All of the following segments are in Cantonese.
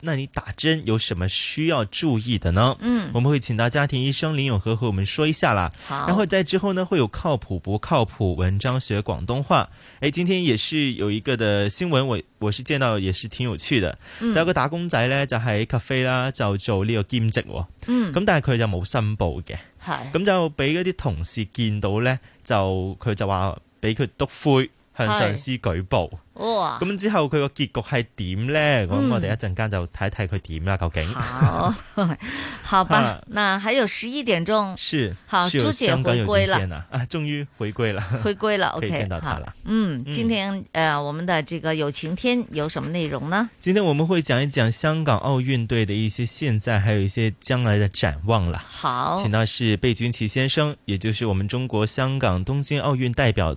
那你打針有什麼需要注意的呢？嗯，我們會請到家庭醫生林永和和我們說一下啦。好，然後在之後呢，會有靠譜不靠譜、文章學廣東話。誒，今天也是有一個的新聞，我我是見到也是挺有趣的。嗯、就有個打工仔咧，就喺咖啡啦就做呢個兼職，哦，嗯，咁、嗯、但係佢就冇申報嘅，係是，咁、嗯、就俾嗰啲同事見到咧，就佢就話俾佢督灰。向上司舉報，哇！咁之後佢個結局係點呢？咁我哋一陣間就睇睇佢點啦，究竟好，好吧。那還有十一點鐘，是好，朱姐回歸了，啊，終於回歸了，回歸了，可以見到他了。嗯，今天，呃，我們的這個有晴天有什麼內容呢？今天我們會講一講香港奧運隊的一些現在，還有一些將來的展望了。好，請到是貝鈞奇先生，也就是我們中國香港東京奧運代表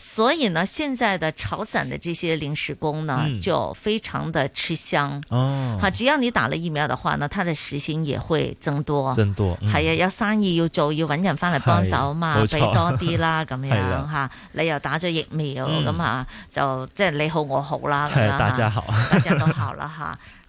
所以呢，現在的炒散的這些臨時工呢，就非常的吃香。哦，好，只要你打了疫苗的話呢，他的時薪也會增多。增多。係啊，有生意要做，要搵人翻嚟幫手啊嘛，俾多啲啦，咁樣吓，你又打咗疫苗，咁啊，就即係你好我好啦，咁啊，大家好，大家都好啦，吓。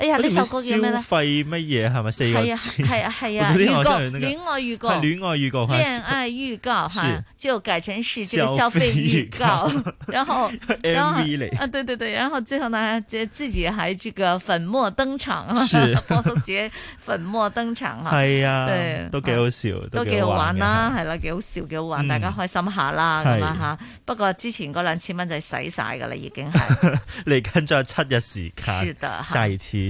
哎呀，呢首歌叫咩咧？消費乜嘢係咪四個字？係啊係啊，預告戀愛預告戀愛預告，戀愛預告吓，就改成是這個消費預告。然後，然後啊，對對對，然後最後呢，就自己喺這個粉墨登場啊，波叔自己粉墨登場吓，係啊，都幾好笑，都幾好玩啦，係啦，幾好笑，幾好玩，大家開心下啦，咁啦吓。不過之前嗰兩千蚊就使晒噶啦，已經係嚟緊再有七日時間，使錢。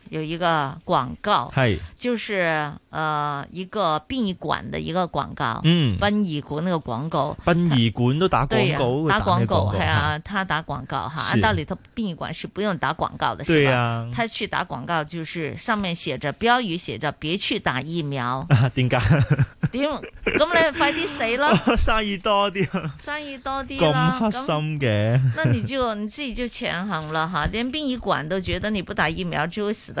有一個廣告，是就是呃一個殯儀館的一個廣告，嗯，殯儀館那個廣告，殯儀館都打廣告，打廣告，對啊。他打廣告哈，按道理他殯儀館是不用打廣告的，對他去打廣告就是上面寫着標語寫着別去打疫苗，啊，點解？點，咁你快啲死咯，生意多啲，生意多啲啦，黑心嘅。那你就你自己就權衡了哈，連殯儀館都覺得你不打疫苗就會死的。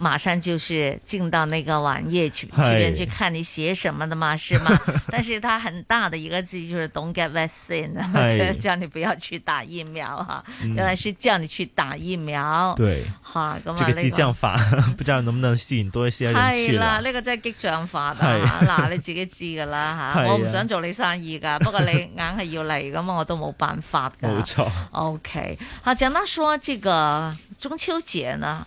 馬上就是進到那個網頁去，去去看你寫什麼的嘛，是嗎？但是他很大的一個字就是 “Don't get vaccine”，叫你不要去打疫苗哈。原來是叫你去打疫苗。對，好，這個激將法，不知道能不能吸引多一些人來。是啦，這個真係激將法啊！嗱，你自己知噶啦吓，我唔想做你生意噶，不過你硬係要嚟，咁啊，我都冇辦法噶。冇錯。OK，好，講到說這個中秋節呢。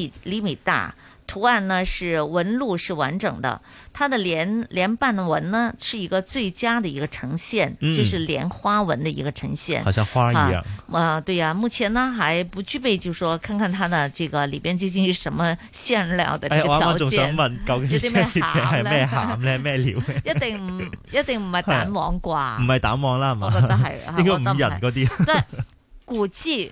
厘米大，圖案呢是紋路是完整的，它的蓮蓮瓣紋呢是一個最佳的一個呈現，嗯、就是蓮花紋的一個呈現，好像花一樣，啊啊。啊，對呀、啊，目前呢還不具備，就是、說看看它的這個裏邊究竟是什麼餡料的這個條件，哎。我我仲想問究，究竟咩餡咧？咩餡咧？咩料？一定唔一定唔係蛋黃啩，唔係蛋黃啦，係嘛？我覺得係，應該五仁嗰啲。對 估計。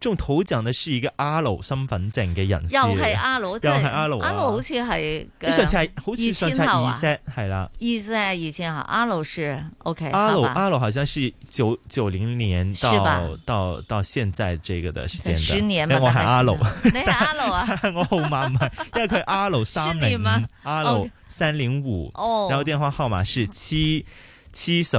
中頭獎的是一個阿盧身份證嘅人士，又係阿盧，又係阿盧啊！阿盧好似係，你上次係好似上次二 s e 係啦，二 s 以前啊，阿盧是 OK，阿盧阿盧好像是九九零年到到到現在這個的時間十年，我係阿盧，你係阿盧啊？我號碼唔係，因為佢係阿盧三零五，阿盧三零五，然後電話號碼是七七十。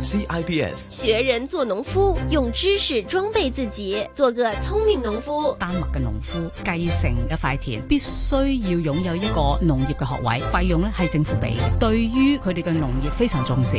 CIBS 學人做農夫，用知識裝備自己，做個聰明農夫。丹麥嘅農夫繼承一塊田，必須要擁有一個農業嘅學位，費用咧係政府俾，對於佢哋嘅農業非常重視。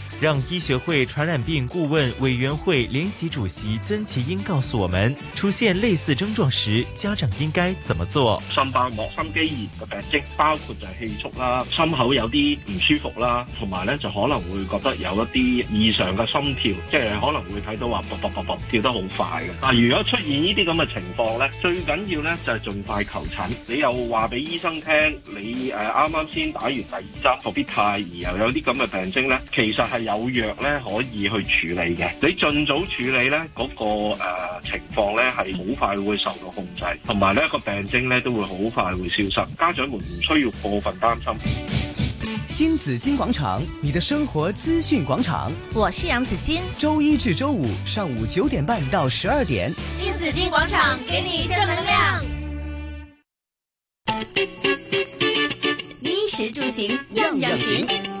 讓醫學會傳染病顧問委員會聯席主席曾奇英告訴我們，出現類似症狀時，家長應該怎麼做？心包膜、心肌炎嘅病徵，包括就係氣促啦，心口有啲唔舒服啦，同埋咧就可能會覺得有一啲異常嘅心跳，即係可能會睇到話卜卜卜卜跳得好快嘅。但，如果出現呢啲咁嘅情況咧，最緊要咧就係盡快求診。你又話俾醫生聽，你誒啱啱先打完第二針，復必泰，又有啲咁嘅病徵咧，其實係有藥咧可以去處理嘅，你盡早處理咧，嗰個誒情況咧係好快會受到控制，同埋咧個病症咧都會好快會消失，家長們唔需要過分擔心。新紫荊廣場，你的生活資訊廣場，我是楊紫荊，周一至周五上午九點半到十二點，新紫荊廣場給你正能量，衣食住行樣樣行。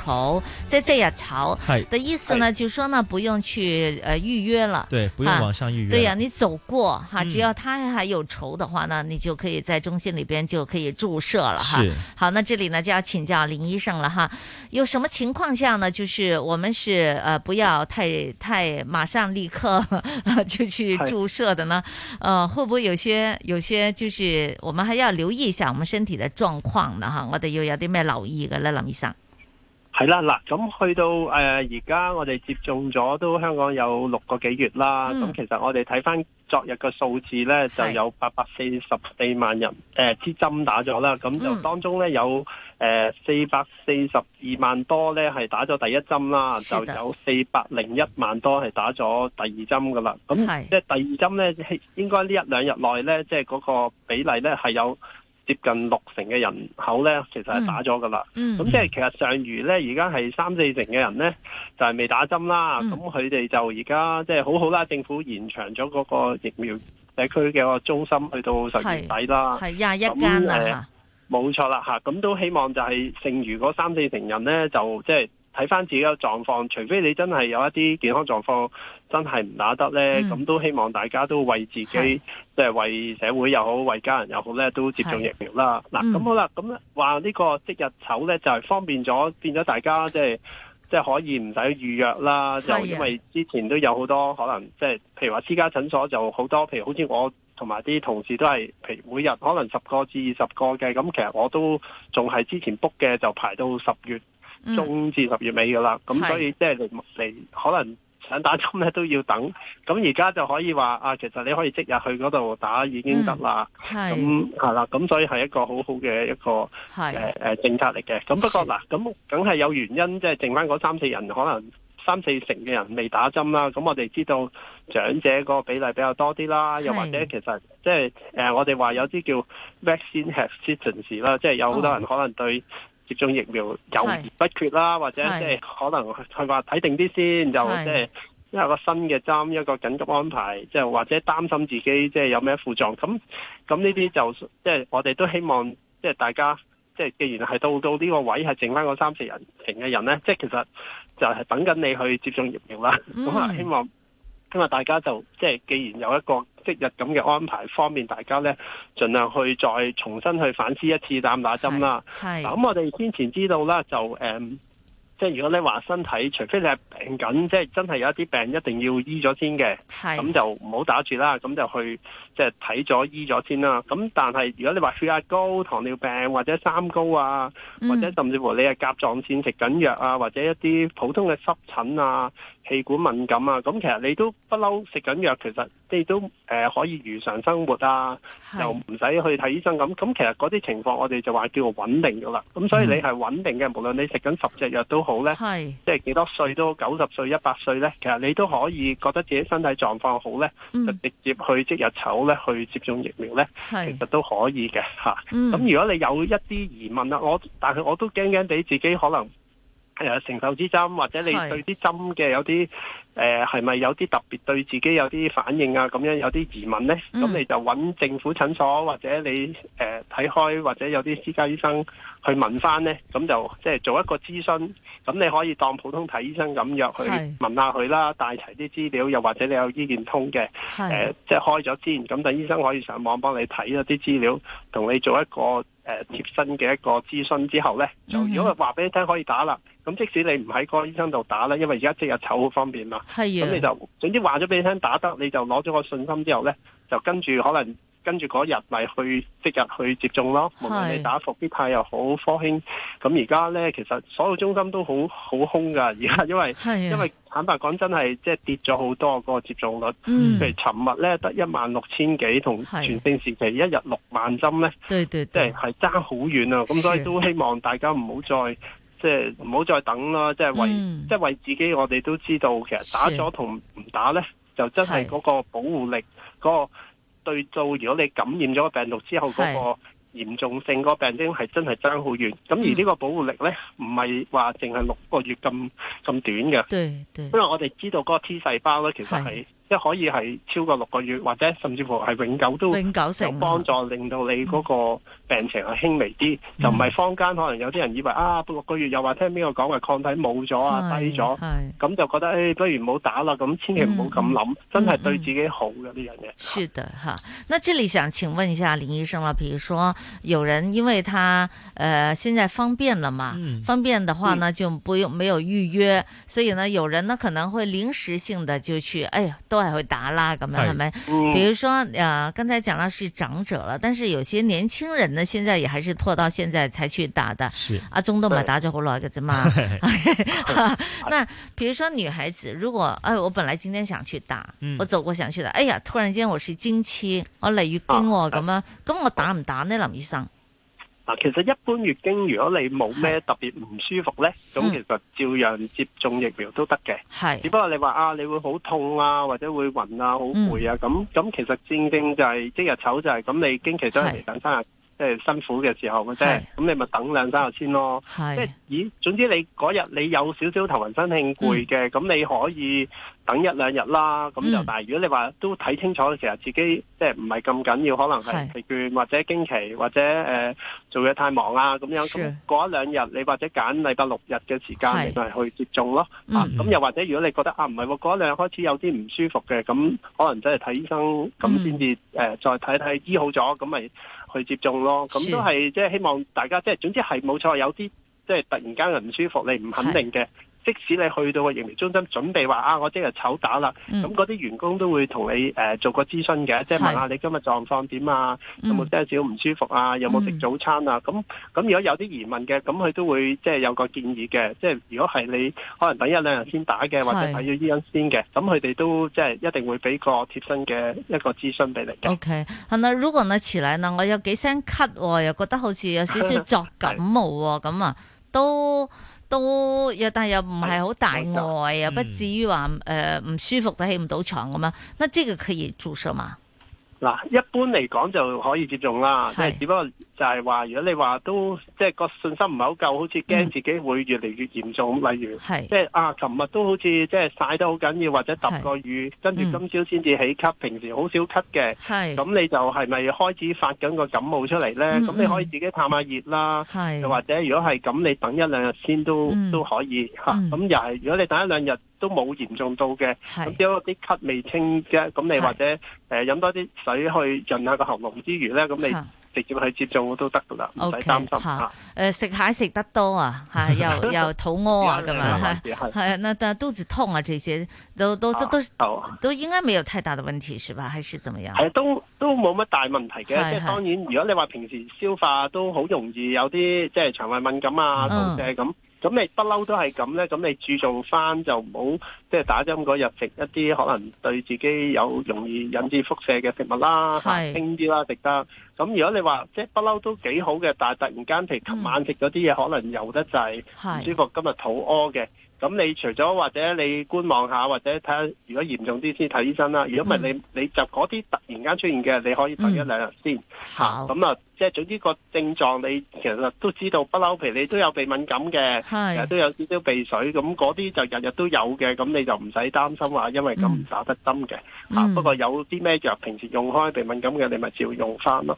愁在這也愁的意思呢？對就說呢，不用去呃預約了，對，哈不用網上預約了。對呀、啊，你走過哈，只要他還有仇的話呢，嗯、你就可以在中心裏邊就可以注射了哈。是。好，那這裏呢就要請教林醫生了哈，有什麼情況下呢？就是我們是呃不要太太馬上立刻呵呵就去注射的呢？對呃，會不會有些有些就是我們還要留意一下我們身體的狀況呢？哈，我哋要有啲咩留意嘅，林醫生。係啦，嗱，咁去到誒而家，呃、我哋接種咗都香港有六個幾月啦。咁、嗯、其實我哋睇翻昨日嘅數字咧，是就有八百四十四萬人誒支、呃、針打咗啦。咁、嗯、就當中咧有誒四百四十二萬多咧係打咗第一針啦，的就有四百零一萬多係打咗第二針噶啦。咁是即係第二針咧，應該呢一兩日內咧，即係嗰個比例咧係有。接近六成嘅人口咧，其實係打咗噶啦。咁、嗯、即係其實尚餘咧，而家係三四成嘅人咧，就係、是、未打針啦。咁佢哋就而家即係好好啦。政府延長咗嗰個疫苗社區嘅個中心，去到十月底啦。係廿一間啦冇錯啦吓。咁、呃啊、都希望就係剩餘嗰三四成人咧，就即係睇翻自己嘅狀況。除非你真係有一啲健康狀況。真係唔打得呢，咁、嗯、都希望大家都為自己，即係是為社會又好，為家人又好呢，都接種疫苗啦。嗱是，咁好啦，咁話呢個即日籌呢，就係、是、方便咗，變咗大家即係即係可以唔使預約啦。就因為之前都有好多可能、就是，即係譬如話私家診所就好多，譬如好似我同埋啲同事都係，譬如每日可能十個至二十個嘅。咁其實我都仲係之前 book 嘅，就排到十月中至十月尾㗎喇。咁、嗯、所以即係你，是你可能。想打針咧都要等，咁而家就可以話啊，其實你可以即日去嗰度打已經得啦。係。咁係啦，咁所以係一個好好嘅一個誒誒政策嚟嘅。咁不過嗱，咁梗係有原因，即係剩翻嗰三四人，可能三四成嘅人未打針啦。咁我哋知道長者嗰個比例比較多啲啦，是又或者其實即係誒，我哋話有啲叫 vaccine hesitancy 啦，即係有好多人可能對。哦接種疫苗猶豫不決啦，是或者即係可能佢話睇定啲先，是就即係一個新嘅針，一個緊急安排，即、就、係、是、或者擔心自己即係有咩副作用咁咁呢啲就即係、就是、我哋都希望，即、就、係、是、大家即係、就是、既然係到到呢個位，係剩返嗰三四人型嘅人咧，即、就、係、是、其實就係等緊你去接種疫苗啦。咁啊、嗯，希望。今日大家就即係，既然有一個即日咁嘅安排，方便大家咧，盡量去再重新去反思一次打唔打針啦。咁、啊、我哋先前知道啦就誒、嗯，即係如果你話身體，除非你係病緊，即係真係有一啲病一定要醫咗先嘅，係是。咁就唔好打住啦，咁就去即係睇咗醫咗先啦。咁但係如果你話血壓高、糖尿病或者三高啊，嗯、或者甚至乎你係甲狀腺食緊藥啊，或者一啲普通嘅濕疹啊，氣管敏感啊，咁其實你都不嬲食緊藥，其實你都誒、呃、可以如常生活啊，是又唔使去睇醫生咁、啊，咁其實嗰啲情況我哋就話叫做穩定㗎喇。咁所以你係穩定嘅，嗯、無論你食緊十隻藥都好咧，是即係幾多歲都九十歲一百歲咧，其實你都可以覺得自己身體狀況好咧，嗯、就直接去即日丑咧去接種疫苗咧，是其實都可以嘅吓。咁、啊嗯、如果你有一啲疑問啦、啊，我但係我都驚驚地自己可能。有承受之針，或者你對啲針嘅有啲。誒係咪有啲特別對自己有啲反應啊？咁樣有啲疑問呢，咁、嗯、你就揾政府診所或者你誒睇、呃、開或者有啲私家醫生去問翻呢。咁就即係、就是、做一個諮詢。咁你可以當普通睇醫生咁樣去問下佢啦，是帶齊啲資料，又或者你有醫健通嘅即係開咗之前。咁等醫生可以上網幫你睇一啲資料，同你做一個誒、呃、貼身嘅一個諮詢之後呢，就、嗯、如果話俾你聽可以打啦。咁即使你唔喺嗰個醫生度打咧，因為而家即日籌好方便嘛。係咁你就，總之話咗俾你聽打得，你就攞咗個信心之後咧，就跟住可能跟住嗰日咪去即日去接種咯。的無論你打復必泰又好科興，咁而家咧，其實所有中心都好好空噶。而家因為的因為坦白講真係即係跌咗好多個接種率，嗯、譬如尋日咧得一萬六千幾，同全盛時期一日六萬針咧，即係係爭好遠啊！咁的所以都希望大家唔好再。即係唔好再等啦！即係為、嗯、即係為自己，我哋都知道，其實打咗同唔打呢，是就真係嗰個保護力，嗰是個對造，如果你感染咗個病毒之後，嗰是個嚴重性個是是、嗰個病徵係真係爭好遠。咁而呢個保護力呢，唔係話淨係六個月咁咁短嘅。對對，因為我哋知道嗰個 T 細胞呢，其實係。是即可以係超過六個月，或者甚至乎係永久都有幫助，啊、令到你嗰個病情係輕微啲，嗯、就唔係坊間可能有啲人以為啊，六個月又話聽邊個講嘅抗體冇咗啊，低咗，咁、哎、就覺得誒、哎，不如唔好打啦，咁千祈唔好咁諗，嗯、真係對自己好嘅呢、嗯、樣嘢。是的哈，那這裡想請問一下林醫生啦，譬如說有人因為他，誒、呃，現在方便了嘛？嗯、方便的話呢，嗯、就不用沒有預約，所以呢，有人呢可能會臨時性的就去，哎呀，還會打啦，咁樣，係咪？比如說，呃、啊，剛才講到是長者了，但是有些年輕人呢，現在也還是拖到現在才去打的。是、啊、中都冇打咗好耐，咁子嘛。 啊、那比如說女孩子，如果，哎，我本來今天想去打，嗯、我走過想去打，哎呀，突然間我是經期，我嚟月經，咁樣，咁我打唔打呢？林醫生？其實一般月經，如果你冇咩特別唔舒服咧，咁的其實照樣接種疫苗都得嘅。係的，只不過你話啊，你會好痛啊，或者會暈啊，好攰啊，咁咁、嗯、其實月經就係、是、即日丑就係，咁你經期都係等生日。即係辛苦嘅時候嘅啫，咁你咪等兩三日先咯。即係，咦，總之你嗰日你有少少頭暈身慶攰嘅，咁你可以等一兩日啦。咁就但係，如果你話都睇清楚，其實自己即係唔係咁緊要，可能係疲倦或者經期或者誒做嘢太忙啊，咁樣。咁過一兩日，你或者揀禮拜六日嘅時間嚟去接種咯。啊，咁又或者如果你覺得啊唔係，我過一兩日開始有啲唔舒服嘅，咁可能真係睇醫生，咁先至誒再睇睇醫好咗，咁咪。去接種咯，咁都係即係希望大家即係，總之係冇錯，有啲即係突然間唔舒服，你唔肯定嘅。即使你去到個疫苗中心準備話啊，我即日籌打啦，咁嗰啲員工都會同你、呃、做個諮詢嘅，即係問下你今日狀況點啊，嗯、有冇少少唔舒服啊，有冇食早餐啊？咁咁、嗯、如果有啲疑問嘅，咁佢都會即係有個建議嘅，即係如果係你可能等一兩日先打嘅是，或者睇要醫生先嘅，咁佢哋都即係一定會俾個貼身嘅一個諮詢俾你嘅。O K，嗱，如果我遲嚟，我有幾聲咳，又覺得好似有少少作感冒咁啊，都。都又但又唔係好大礙，又、嗯、不至於話誒唔舒服都起唔到床咁樣，那呢個可以注射㗎嘛？嗱，一般嚟講就可以接種啦，即係只不過。就係話，如果你話都即係個信心唔係好夠，好似驚自己會越嚟越嚴重。例如，即係啊，琴日都好似即係曬得好緊要，或者揼個雨，跟住今朝先至起咳。平時好少咳嘅，咁你就係咪開始發緊個感冒出嚟咧？咁你可以自己探下熱啦，又或者如果係咁，你等一兩日先都都可以嚇。咁又係，如果你等一兩日都冇嚴重到嘅，咁只有啲咳未清啫，咁你或者誒飲多啲水去潤下個喉嚨之餘咧，咁你。直接去接種都得噶啦，唔使擔心嚇。誒食蟹食得多啊，嚇又又肚屙啊咁樣嚇，係啊，但係肚痛啊，這些都都都都都應該沒有太大的問題，是吧？還是點樣？係都都冇乜大問題嘅。即係當然，如果你話平時消化都好容易有啲即係腸胃敏感啊、肚脹咁，咁你不嬲都係咁咧。咁你注重翻就唔好即係打針嗰日食一啲可能對自己有容易引致腹瀉嘅食物啦，輕啲啦食得。咁如果你話即係不嬲都幾好嘅，但係突然間譬如琴晚食咗啲嘢可能油得滯，唔是舒服，今日肚屙嘅，咁你除咗或者你觀望下，或者睇下如果嚴重啲先睇醫生啦。如果唔係你、嗯、你嗰啲突然間出現嘅，你可以睇一兩日先。咁啊，即係總之個症狀你其實都知道不嬲，譬如你都有鼻敏感嘅，都是有少少鼻水，咁嗰啲就日日都有嘅，咁你就唔使擔心話、啊、因為咁唔打得針嘅。不過有啲咩藥平時用開鼻敏感嘅，你咪照用翻咯。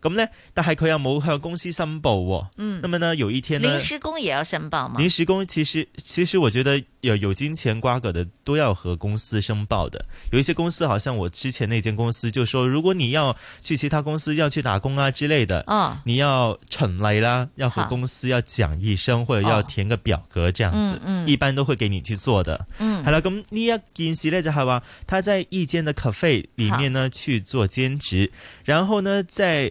咁呢，但係佢又冇向公司申報喎。嗯。咁呢？有一天呢？臨時工也要申報嗎？臨時、嗯、工其實其實我覺得有有金錢瓜葛的都要和公司申報的。有一些公司，好像我之前那間公司就說，如果你要去其他公司要去打工啊之類的，啊、哦，你要成嚟啦，要和公司要講一聲好或者要填個表格這樣子，哦、嗯、嗯一般都會給你去做的。嗯。好了，咁、嗯、呢、嗯、一件事就係話，他在一間的 cafe 裏面呢好去做兼職，然後呢在。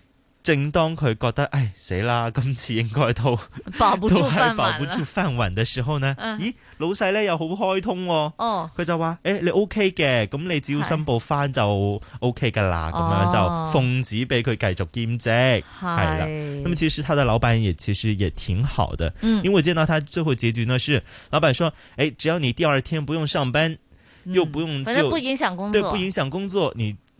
正當佢覺得，哎，死啦，今次應該都都係保不住飯碗，碗的時候呢？嗯、咦，老細咧又好開通哦，佢、哦、就話，誒、欸，你 O K 嘅，咁、嗯、你只要申報翻就 O K 噶啦，咁是樣就奉旨俾佢繼續兼職係、哦、啦。是那麼其實他的老闆也其實也挺好的，嗯、因為見到他最後結局呢，是老闆說，誒、欸，只要你第二天不用上班，嗯、又不用，反正不影響工作，對，不影響工作，你。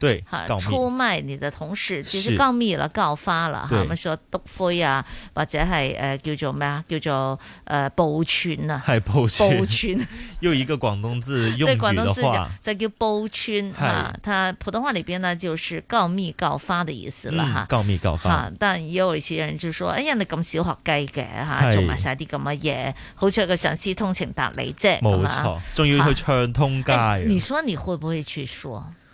對吓，出賣你的同事，其實告密了、告發了，吓，咁樣說篤灰啊，或者係誒叫做咩啊，叫做誒報串啊，係報串，又一個廣東字用語嘅話，就叫報串。啊。佢普通話裏邊呢，就是告密告發的意思啦吓。告密告發，但係有一些人就說，哎呀，你咁小學雞嘅吓，做埋晒啲咁嘅嘢，好似係個上司通情達理啫，冇錯，仲要去唱通街。你說你會不會去說？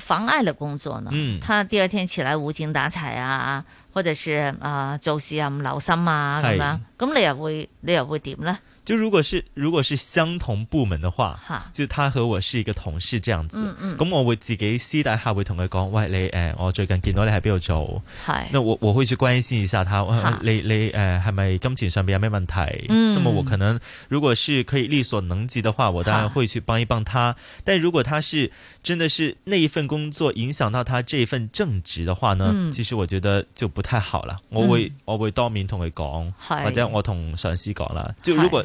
妨礙了工作呢？嗯、他第二天起來無精打采啊，或者是、呃、做事啊做事唔留心啊咁樣、嗯，咁你又會你又會點呢？就如果是如果是相同部門的話，就他和我是一個同事這樣子，咁我會自己私底下會同佢講，喂你誒，我最近見到你喺邊度做，係，那我我會去關心一下他，你你誒係咪金錢上面有咩問題？嗯，咁我可能如果是可以力所能及的話，我當然會去幫一幫他。但如果他是真的是那一份工作影響到他這一份正職的話呢？嗯，其實我覺得就不太好了。我會我會當面同佢講，或者我同上司講啦。就如果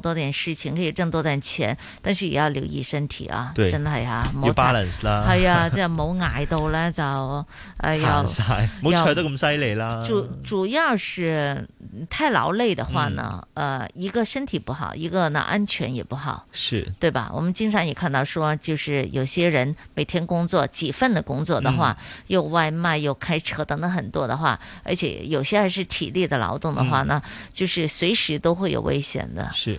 多點事情可以掙多點錢，但是也要留意身體啊！真的呀要 balance 啦。係啊，即係冇挨到咧就誒，要冇趣得咁犀利啦。主主要是太勞累的話呢，誒一個身體不好，一個呢安全也不好，是對吧？我們經常也看到說，就是有些人每天工作幾份的工作的話，又外賣又開車等等很多的話，而且有些還是體力的勞動的話呢，就是隨時都會有危險的。是。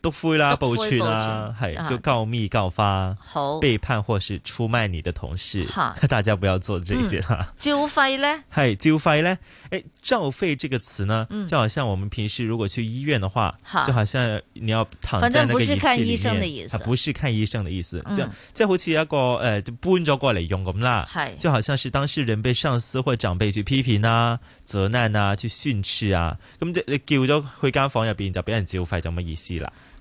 都灰啦，報去啦，係就告密告發，好背叛或是出賣你的同事，大家不要做這些哈。照肺咧，係照肺咧，誒，照肺這個詞呢，就好像我們平時如果去醫院的話，就好像你要躺。反正不是看醫生的意思，不是看醫生的意思，就即係好似一個誒搬咗過嚟用咁啦，係就好像是當事人被上司或長輩去批評啊責難啊去訓斥啊，咁即係你叫咗去間房入邊就俾人照肺就咁嘅意思啦。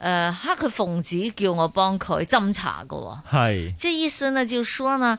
誒，黑佢奉旨叫我幫佢斟茶噶，係是，即係意思呢？就是、說呢。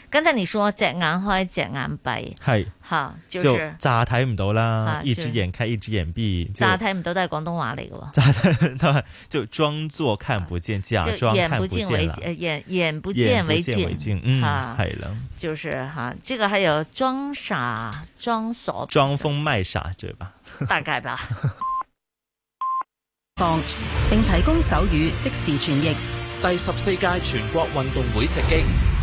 剛才你說隻眼開隻眼閉，係吓就詐睇唔到啦，一隻眼開一隻眼閉，詐睇唔到都係廣東話嚟嘅。詐睇就裝作看不見，假裝看不見，眼眼不見為淨，眼眼不見為淨，嗯，係咯。就是哈，這個還有裝傻裝傻，裝瘋賣傻對吧？大概吧。並提供手語即時傳譯。第十四屆全國運動會直擊。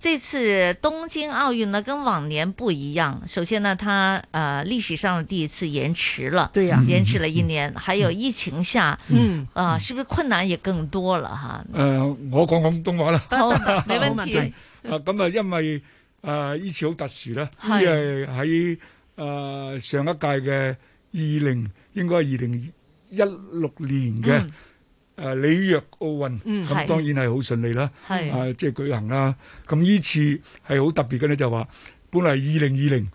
這次東京奧運呢，跟往年不一樣。首先呢，它呃歷史上的第一次延遲了，對啊、延遲了一年。嗯、還有疫情下，嗯啊，呃、嗯是不是困難也更多了哈？呃，我講廣東話啦，好哈哈沒問題。啊，咁、呃、啊，因為啊，呢、呃、次好特殊啦，因為喺啊上一屆嘅二零，應該係二零一六年嘅。嗯誒里約奧運，咁當然係好順利啦，誒即係舉行啦。咁呢次係好特別嘅咧，就話本來二零二零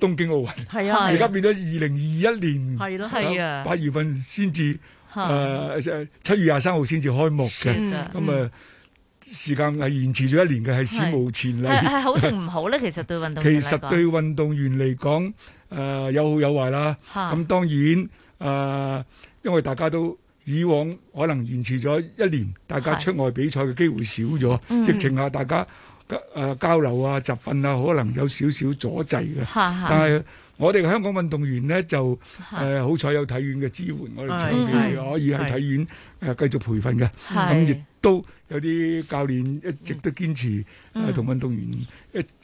東京奧運，而家變咗二零二一年，八月份先至誒七月廿三號先至開幕嘅。咁誒時間係延遲咗一年嘅，係史無前例。係好定唔好咧？其實對運動員嚟講，其實對運動員嚟講誒有好有壞啦。咁當然誒，因為大家都。以往可能延遲咗一年，大家出外比賽嘅機會少咗，疫情下大家誒交流啊、集訓啊，可能有少少阻滯嘅。但係我哋香港運動員呢，就誒好彩有體院嘅支援，我哋長期可以喺體院誒繼續培訓嘅。咁亦都有啲教練一直都堅持誒同運動員一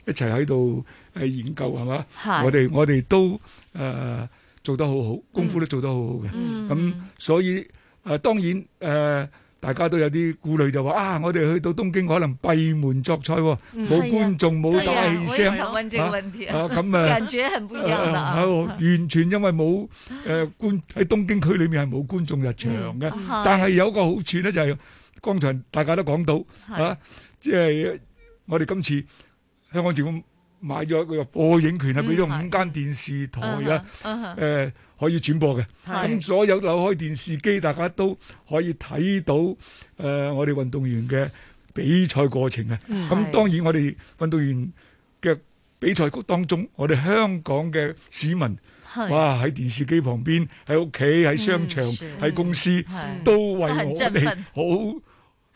一齊喺度誒研究係嘛？我哋我哋都誒做得好好，功夫都做得好好嘅。咁所以。誒、呃、當然誒、呃，大家都有啲顧慮，就話啊，我哋去到東京可能閉門作賽、哦，冇、嗯、觀眾，冇打、啊、氣聲嚇。咁誒、啊，完全因為冇誒觀喺東京區裏面係冇觀眾入場嘅。嗯、但係有個好處咧，就係、是、剛才大家都講到嚇，啊、的即係我哋今次香港政府。買咗個播映權啊，俾咗五間電視台啊，誒、嗯呃、可以轉播嘅。咁、嗯、所有扭開電視機，大家都可以睇到誒、呃、我哋運動員嘅比賽過程啊。咁、嗯嗯、當然我哋運動員嘅比賽曲當中，我哋香港嘅市民，是哇喺電視機旁邊，喺屋企、喺商場、喺、嗯、公司，嗯、都為我哋好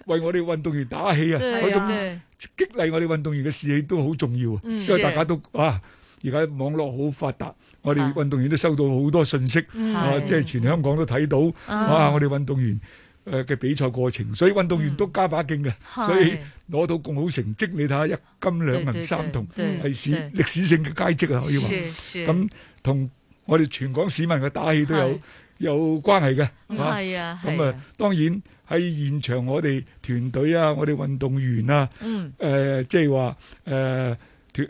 為我哋運動員打氣啊！嗰呀種激勵我哋運動員嘅士氣都好重要啊，嗯、因為大家都啊，而家網絡好發達，我哋運動員都收到好多信息啊，即、嗯、係、啊就是、全香港都睇到，哇、啊啊！我哋運動員誒嘅、呃、比賽過程，所以運動員都加把勁嘅，嗯、所以攞到咁好成績。你睇下一金兩銀是三銅桶係、嗯、史歷史性嘅佳績啊，可以話。咁同我哋全港市民嘅打氣都有。有關係嘅，係啊，咁啊，當然喺現場我哋團隊啊，我哋運動員啊，誒，即係話誒，團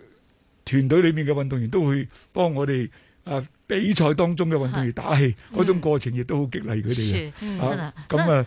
團隊裏面嘅運動員都會幫我哋啊比賽當中嘅運動員打氣，嗰種過程亦都好激勵佢哋嘅，吓咁啊。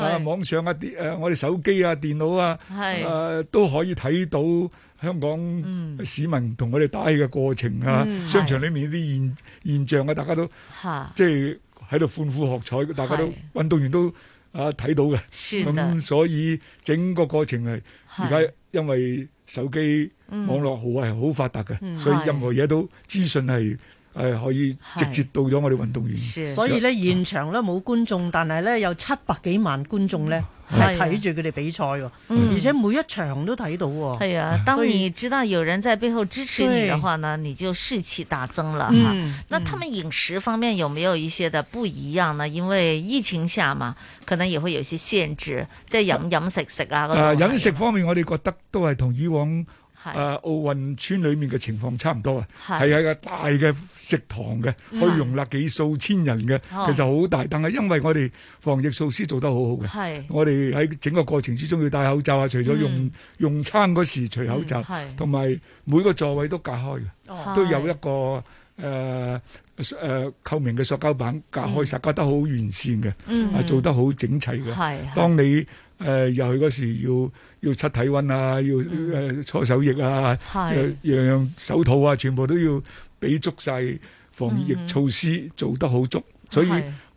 啊，網上啊，電誒，我哋手機啊、電腦啊，誒是、啊、都可以睇到香港市民同我哋打氣嘅過程啊，嗯、商場裡面啲現現象啊，大家都是即係喺度歡呼喝彩，大家都是運動員都啊睇到嘅。咁的所以整個過程係而家因為手機網絡好係好發達嘅，嗯、所以任何嘢都資訊係。係、哎、可以直接到咗我哋運動員。所以咧現場咧冇觀眾，啊、但係有七百幾萬觀眾咧係睇住佢哋比賽喎。啊、而且每一場都睇到喎。嗯、到、係啊，當你知道有人在背後支持你嘅話,對話呢，你就士氣大增啦。嗯、啊。那他們飲食方面有沒有一些的不一樣呢？因為疫情下嘛，可能也會有些限制，即係飲飲食食啊。誒，飲食方面我哋覺得都係同以往。誒，奧運村裏面嘅情況差唔多啊，係一個大嘅食堂嘅，可以容納幾數千人嘅，其實好大。但係因為我哋防疫措施做得好好嘅，我哋喺整個過程之中要戴口罩啊，除咗用用餐嗰時除口罩，同埋每個座位都隔開嘅，都有一個誒誒透明嘅塑膠板隔開，實隔得好完善嘅，啊做得好整齊嘅。當你誒入、呃、去嗰時要要測體溫啊，要誒搓、嗯呃、手液啊，樣是樣手套啊，全部都要俾足晒防疫措施、嗯、做得好足，所以。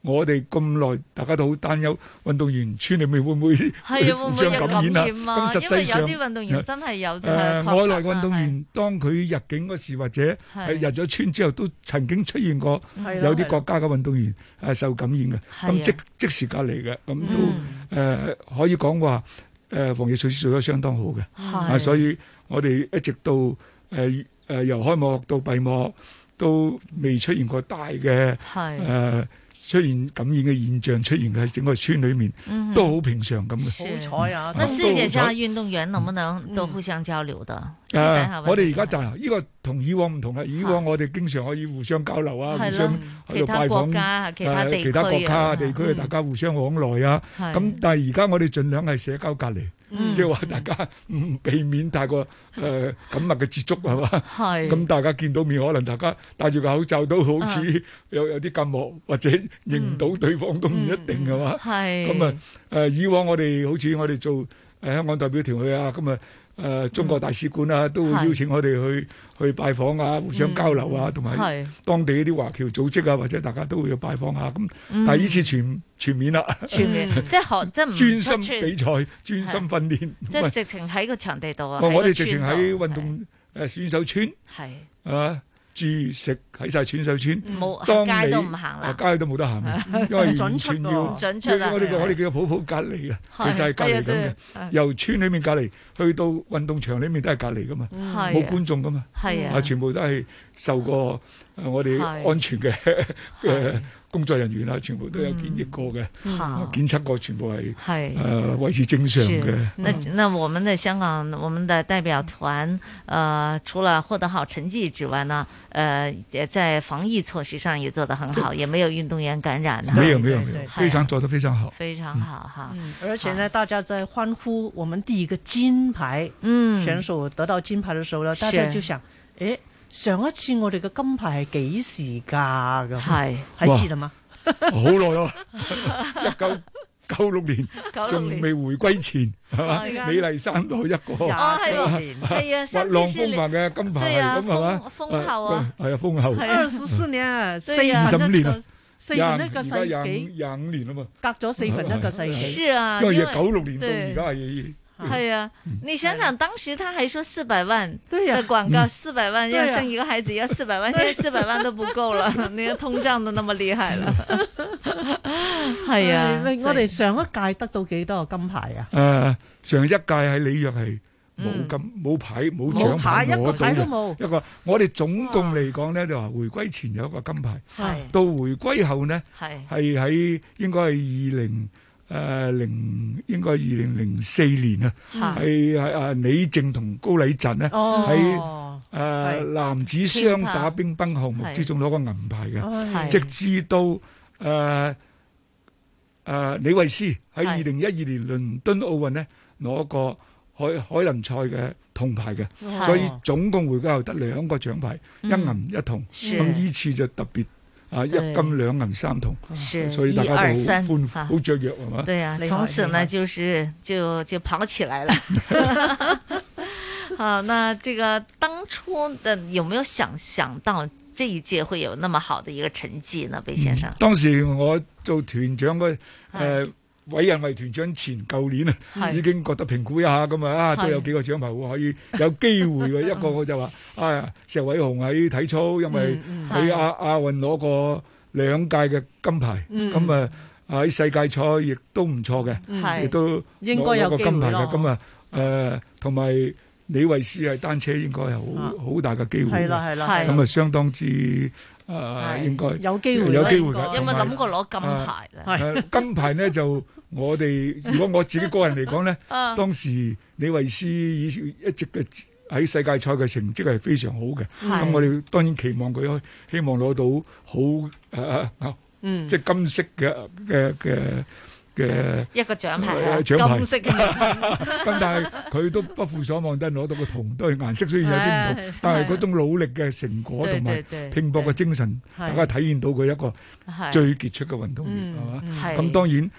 我哋咁耐，大家都好擔憂運動員村裏面會唔會會互相感染呀。咁實際上，有啲運動員真係有，誒我哋運動員當佢入境嗰時，或者係入咗村之後，都曾經出現過有啲國家嘅運動員係受感染嘅。咁即即時隔離嘅，咁都誒可以講話誒防疫措施做得相當好嘅。係，所以我哋一直到誒誒由開幕到閉幕都未出現過大嘅誒。出現感染嘅現象，出現喺整個村裏面，嗯、哼都好平常咁嘅。那私底下運動員能不能都互相交流的？嗯嗯啊！我哋而家就係呢個同以往唔同啦。以往我哋經常可以互相交流啊，互相喺度拜訪啊，其他國家啊、其他地區啊，地區大家互相往來啊。咁但係而家我哋儘量係社交隔離，即係話大家避免太過誒緊密嘅接觸係嘛？咁大家見到面可能大家戴住個口罩都好似有有啲隔膜，或者認唔到對方都唔一定係嘛？咁啊誒，以往我哋好似我哋做誒香港代表團去啊，咁啊。誒中國大使館啊都會邀請我哋去去拜訪啊，互相交流啊，同埋當地啲華僑組織啊，或者大家都會去拜訪下。咁但係呢次全全面啦，全面即係學真係專心比賽、專心訓練，即係直情喺個場地度啊！我哋直情喺運動誒選手村係啊。住食喺晒寸首村，當你街都唔行啦，街都冇得行 因為完全要，唔准出啦，因為呢個我哋、這個、叫普普隔離啊，是的其實係隔離咁嘅，是是是由村裏面隔離去到運動場裏面都係隔離噶嘛，冇的觀眾噶嘛，係啊的、嗯，全部都係。受過我哋安全嘅嘅工作人員啊，全部都有檢疫過嘅，檢測過全部係誒維持正常嘅。那那我們的香港，我們嘅代表團，誒除了獲得好成績之外呢，誒也在防疫措施上也做得很好，也沒有運動員感染。沒有沒有沒有，非常做得非常好，非常好哈！而且呢，大家在歡呼我們第一個金牌選手得到金牌嘅時候呢，大家就想，誒上一次我哋嘅金牌係幾時噶？咁係，係之啦嘛，好耐啦，一九九六年，仲未回歸前，係嘛？美麗山島一個，廿四年，係啊，滑浪風帆嘅金牌係咁係嘛？風頭啊，係啊，風頭，二十四年，四十五年啊，廿而家廿五廿五年啊嘛，隔咗四分一個世紀，因為九六年到而家。係啊，你想想當時，他還說四百萬，對呀，的廣告四百萬要生一個孩子要四百萬，現在四百萬都不夠了，連通脹都那麼厲害啦。係啊，我哋上一屆得到幾多個金牌啊？誒，上一屆喺里約係冇金冇牌冇獎牌一個牌都冇。一個我哋總共嚟講咧就話回歸前有一個金牌，係到回歸後呢，係係喺應該係二零。誒零應該二零零四年啊，係係啊，李靜同高禮澤咧喺誒男子雙打乒乓項目之中攞個銀牌嘅。直至到誒誒李慧詩喺二零一二年倫敦奧運咧攞個凱凱林賽嘅銅牌嘅，所以總共回歸後得兩個獎牌，一銀一銅，咁依次就特別。啊！一金兩銀三銅，是所以大家好三雀躍，係嘛、啊？對啊，從此呢，害就是就就跑起來了。 好，那這個當初的有沒有想想到這一屆會有那麼好的一個成績呢？北先生，嗯、當時我做團長嘅委任為團長前，舊年啊已經覺得評估一下咁啊，都有幾個獎牌可以有機會喎。一個個就話啊，石偉雄喺體操，因為喺亞亞運攞過兩屆嘅金牌，咁啊喺世界賽亦都唔錯嘅，亦都應該攞過金牌嘅。咁啊誒，同埋李維斯係單車，應該有好好大嘅機會，咁啊相當之。啊，應該有機會，有機會㗎，有冇諗過攞金牌咧？係金牌咧就我哋如果我自己個人嚟講咧，當時李維斯以前一直嘅喺世界賽嘅成績係非常好嘅，咁我哋當然期望佢希望攞到好啊，即係金色嘅嘅嘅嘅一個獎牌，金色嘅。咁但係佢都不負所望，真係攞到個銅，都係顏色雖然有啲唔同，但係嗰種努力嘅成果同埋拼搏嘅精神，大家體現到佢一個最傑出嘅運動員，係嘛？咁當然，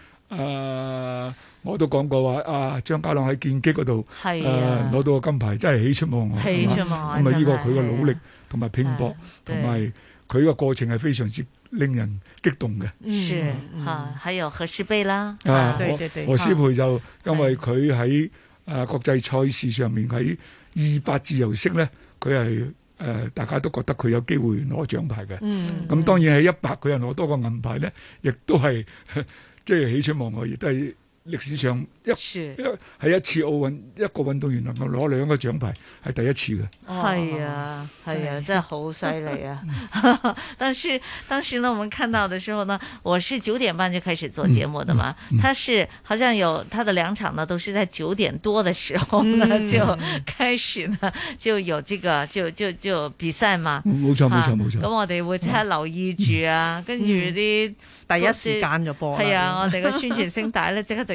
誒我都講過話，阿張家朗喺劍擊嗰度誒攞到個金牌，真係喜出望外。喜出望外真係。咁啊，呢個佢嘅努力同埋拼搏同埋佢嘅過程係非常之。令人激動嘅，嗯，嗯，是還、啊、還有何詩蓓啦，啊，對對對，何詩蓓就因為佢喺誒國際賽事上面喺二百自由式呢，佢係誒大家都覺得佢有機會攞獎牌嘅，嗯，咁、啊、當然喺一百佢又攞多個銀牌呢，亦都係即係喜出望外，亦、就是、都係。歷史上一次係一次奧運一個運動員能夠攞兩個獎牌係第一次嘅。係啊，係啊，真係好犀利啊！但是當時呢，我們看到的時候呢，我是九點半就開始做節目的嘛。他是好像有他的兩場呢，都是在九點多的時候呢，就開始呢就有這個就就就比賽嘛。冇錯冇錯冇錯，咁我哋會即刻留意住啊，跟住啲第一時間就播。係啊，我哋嘅宣傳聲帶咧，即刻就。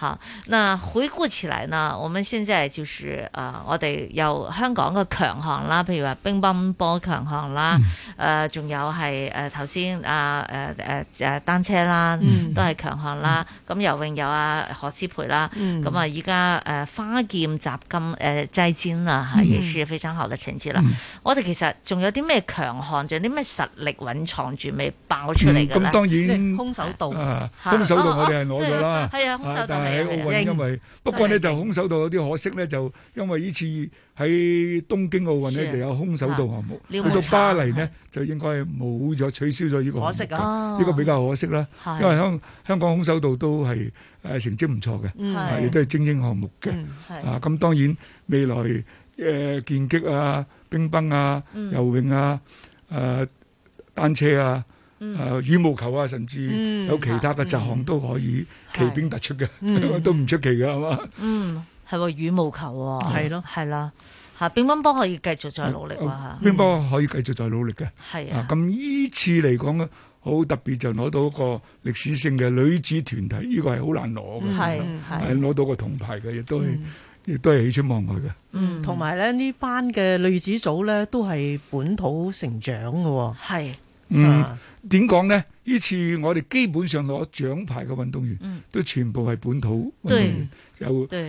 好，那回顧起來呢，我們現在就是啊、呃，我哋有香港嘅強項啦，譬如話乒乓波強項啦，誒、嗯，仲、呃、有係誒頭先啊，誒誒誒單車啦，嗯、都係強項啦。咁游泳有啊何詩蓓啦，咁啊而家誒花劍、雜金、誒制劍啊，亦是非常好嘅情節啦。嗯、我哋其實仲有啲咩強項，仲有啲咩實力蘊藏住未爆出嚟嘅。咁當然，空手道，空手道我哋係攞咗啦，係啊，空手道。喺奧運，因為不過呢，就空手道有啲可惜呢，就因為呢次喺東京奧運呢，就有空手道項目，去到巴黎呢，就應該冇咗取消咗呢個。可惜啊，呢個比較可惜啦。因為香香港空手道都係誒成績唔錯嘅，亦都係精英項目嘅。啊，咁當然未來誒劍擊啊、乒乓啊、游泳啊、誒單車啊。誒，羽毛球啊，甚至有其他嘅雜項都可以，奇兵突出嘅，都唔出奇嘅，係嘛？嗯，係喎，羽毛球啊，係咯，係啦，吓，乒乓球可以繼續再努力啊！吓，乒乓可以繼續再努力嘅。係啊，咁呢次嚟講咧，好特別就攞到一個歷史性嘅女子團體，呢個係好難攞嘅，係攞到個銅牌嘅，亦都係亦都係喜出望外嘅。同埋咧呢班嘅女子組咧都係本土成長嘅。係。嗯，點講呢？呢次我哋基本上攞獎牌嘅運動員，嗯、都全部係本土運動員，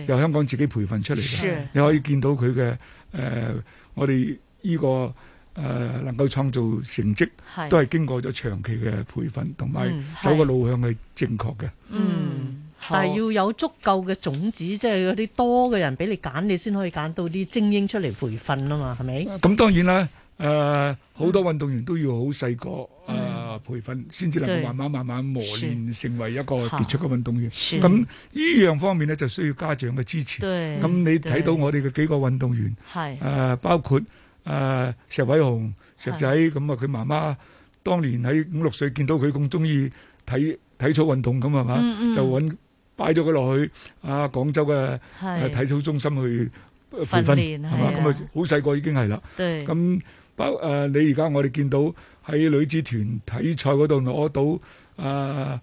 由香港自己培訓出嚟嘅。Sure. 你可以見到佢嘅誒，我哋呢、呢個誒、呃、能夠創造成績，都係經過咗長期嘅培訓，同埋是走嘅路向係正確嘅、嗯。嗯，但係要有足夠嘅種子，即係嗰啲多嘅人俾你揀，你先可以揀到啲精英出嚟培訓啊嘛，係咪？咁、嗯嗯嗯、當然啦。誒好多運動員都要好細個誒培訓，先至能夠慢慢慢慢磨練成為一個傑出嘅運動員。咁呢樣方面呢就需要家長嘅支持。咁你睇到我哋嘅幾個運動員，誒包括誒石偉雄、石仔，咁啊佢媽媽當年喺五六歲見到佢咁中意睇體操運動咁，係嘛，就揾擺咗佢落去啊廣州嘅體操中心去培訓係嘛，咁啊好細個已經係啦。咁包、呃、你而家我哋見到喺女子團體賽嗰度攞到啊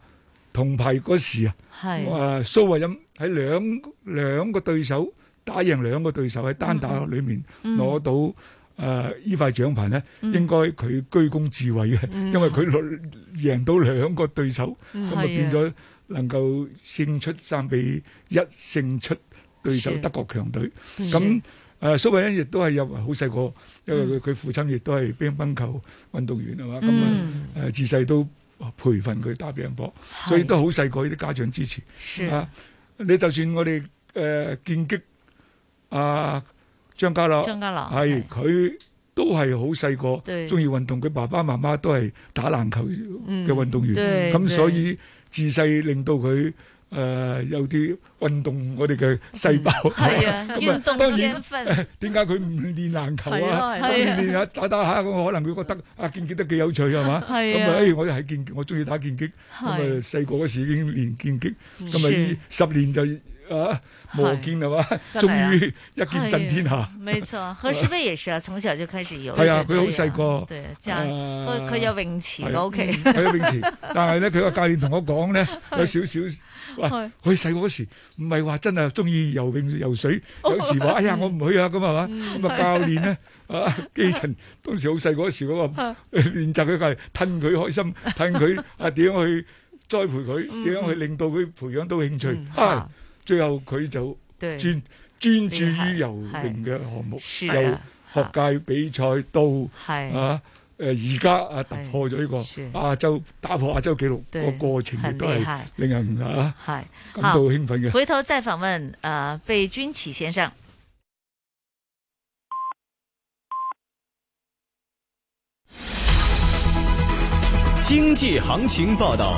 銅、呃、牌嗰時啊，啊是、呃、蘇慧音喺兩兩個對手打贏兩個對手喺單打裏面攞、嗯嗯、到誒呢、呃、塊獎牌咧，嗯、應該佢居功至偉嘅，嗯、因為佢贏到兩個對手，咁啊、嗯、變咗能夠勝出三比一勝出對手是德國強隊咁。是誒、呃、蘇慧音亦都係入好細個，因為佢佢父親亦都係乒乓球運動員啊嘛，咁啊誒自細都培訓佢打乒乓波，是所以都好細個。呢啲家長支持是啊！你就算我哋誒、呃、劍擊，阿、啊、張家朗，張家朗係佢是是都係好細個，中意對運動。佢爸爸媽媽都係打籃球嘅運動員，咁、嗯、所以自細令到佢。誒有啲運動，我哋嘅細胞，當然點解佢唔練籃球啊？咁練下，打打下，咁可能佢覺得啊劍擊都幾有趣啊嘛。咁啊誒，我哋喺劍擊，我中意打劍擊。咁啊細個嗰時已經練劍擊，咁啊十年就啊～我見係嘛，終於一見震天下。沒錯，何詩蓓也是啊，從小就開始游。係啊，佢好細個。對，即係佢佢有泳池個屋企。係啊，泳池。但係咧，佢個教練同我講咧，有少少喂，佢細個嗰時唔係話真係中意游泳游水，有時話哎呀，我唔去啊咁啊嘛。咁啊，教練咧啊，基層當時好細個嗰時嗰個練習佢隔籬，氹佢開心，氹佢啊，點樣去栽培佢，點樣去令到佢培養到興趣啊。最後佢就專對專注於游泳嘅項目，是是由學界比賽到好啊，誒而家啊突破咗呢、這個是亞洲打破亞洲紀錄個過程亦都係令人嚇、啊、感到興奮嘅。回頭再訪問啊，貝君起先生。經濟行情報道。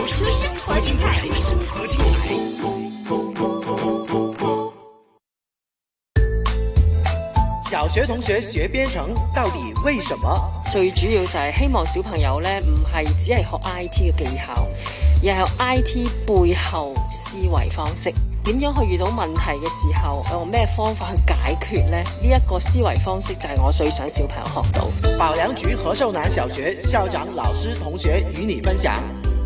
小學同學學編程到底為什麼？最主要就係希望小朋友咧，唔係只係學 IT 嘅技巧，而係有 IT 背後思維方式，點樣去遇到問題嘅時候用咩方法去解決咧？呢一個思維方式就係我最想小朋友學到。保良局何壽南小學校長、老師、同學與你分享。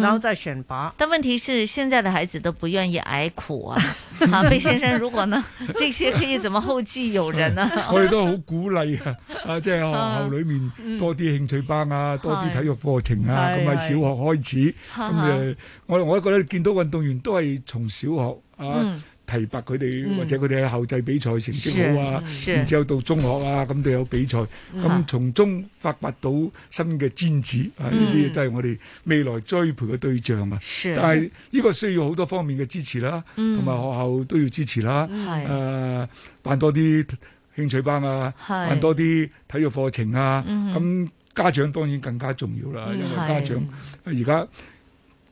然後再選拔，但問題是現在的孩子都不願意挨苦啊！啊，貝先生，如果呢，這些可以怎麼後繼有人呢？我哋都好鼓勵啊！啊，即係學校裏面多啲興趣班啊，多啲體育課程啊，咁喺小學開始，咁誒，我我都覺得見到運動員都係從小學啊。提拔佢哋或者佢哋嘅校際比賽成績好啊，嗯、然之後到中學啊咁都有比賽，咁從、啊、中發掘到新嘅尖子啊，呢啲都係我哋未來栽培嘅對象啊。是但係呢個需要好多方面嘅支持啦，同埋、嗯、學校都要支持啦。誒是、呃，辦多啲興趣班啊，是辦多啲體育課程啊。咁、嗯、哼家長當然更加重要啦，是因為家長而家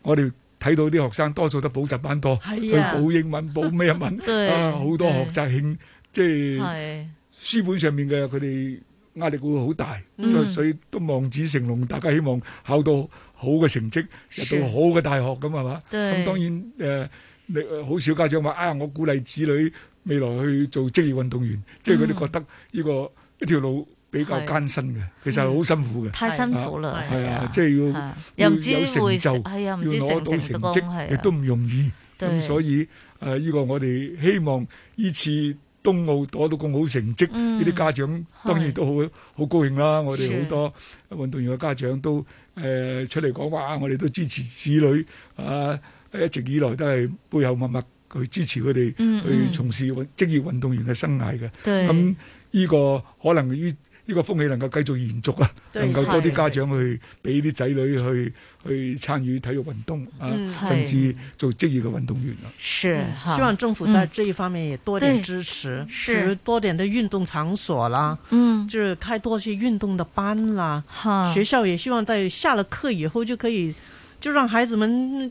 我哋。睇到啲學生多數都補習班多，啊、去補英文、補咩文對啊，好多學習興，即係書本上面嘅佢哋壓力會好大，所以、嗯、所以都望子成龍，大家希望考到好嘅成績入到好嘅大學咁係嘛？咁當然誒你好少家長話啊、哎，我鼓勵子女未來去做職業運動員，即係佢哋覺得呢、呢個、嗯、一條路。比較艱辛嘅，其實係好辛苦嘅，太辛苦啦，係啊，即係要又唔知有成就，係啊，要攞到成績，亦都唔容易。咁所以誒，呢個我哋希望呢次冬奧攞到咁好成績，呢啲家長當然都好好高興啦。我哋好多運動員嘅家長都誒出嚟講話，我哋都支持子女啊，一直以來都係背後默默去支持佢哋去從事職業運動員嘅生涯嘅。咁呢個可能呢，呢個風氣能夠繼續延續啊，對能夠多啲家長去俾啲仔女去對去參與體育運動啊，對甚至做職業嘅運動員啊。是，希望政府在這一方面也多點支持，對，是多點嘅運動場所啦，嗯，是就是開多些運動嘅班啦。嗯、學校也希望在下了課以後就可以，就讓孩子們。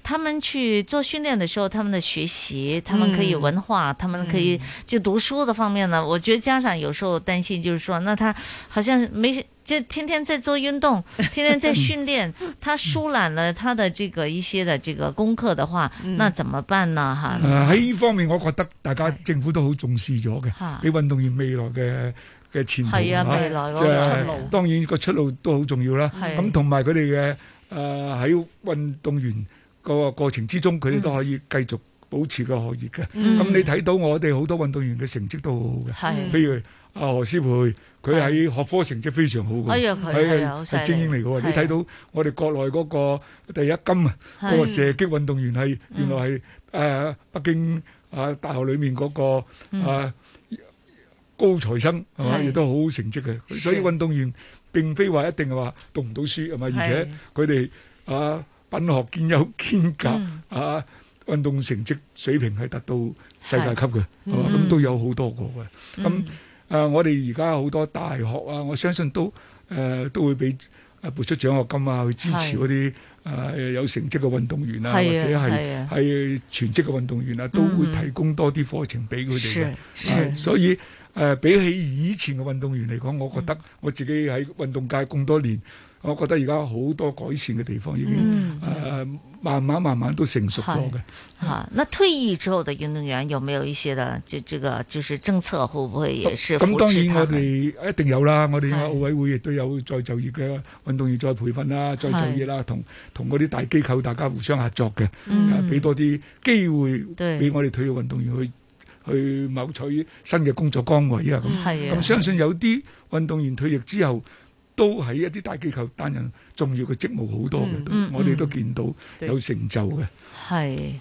他們去做訓練的時候，他們的學習，他們可以文化，嗯、他們可以就讀書的方面呢。嗯、我覺得家長有時候擔心，就是說，那他好像沒就天天在做運動， 天天在訓練，他疏懶了他的這個一些的這個功課的話，嗯、那怎麼辦呢？哈。呃，喺呢方面，我覺得大家政府都好重視咗嘅，俾、啊、運動員未來嘅嘅前途。係啊，未來嘅出路。就是、來當然，個出路都好重要啦。咁同埋佢哋嘅誒喺運動員。個過程之中，佢哋都可以繼續保持個學業嘅。咁你睇到我哋好多運動員嘅成績都好好嘅，譬如阿何詩蓓，佢喺學科成績非常好嘅，係係精英嚟嘅。你睇到我哋國內嗰個第一金啊，嗰個射擊運動員係原來係誒北京啊大學裏面嗰個啊高材生，係嘛，亦都好好成績嘅。所以運動員並非話一定係話讀唔到書係嘛，而且佢哋啊。品學兼優兼夾、嗯、啊！運動成績水平係達到世界級嘅，咁都有好多個嘅。咁啊、嗯呃，我哋而家好多大學啊，我相信都誒、呃、都會俾誒撥出獎學金啊，去支持嗰啲誒有成績嘅運動員啊，的或者係係的的全職嘅運動員啊，都會提供多啲課程俾佢哋嘅。所以誒、呃、比起以前嘅運動員嚟講，我覺得我自己喺運動界咁多年，我覺得而家好多改善嘅地方已經誒、嗯呃、慢慢慢慢都成熟咗嘅。嚇，那退役之後嘅運動員有沒有一些嘅就這個就是政策，會不會也是扶持咁、哦、當然我哋一定有啦，我哋奧委會亦都有再就業嘅運動員再培訓啦，再是就業啦，同同嗰啲大機構大家互相合作嘅，啊、嗯，俾多啲機會俾我哋退役運動員去對去謀取新嘅工作崗位啊咁。係啊，咁的相信有啲運動員退役之後。都喺一啲大機構擔任重要嘅職務，好多嘅、嗯嗯嗯、我哋都見到有成就嘅。係。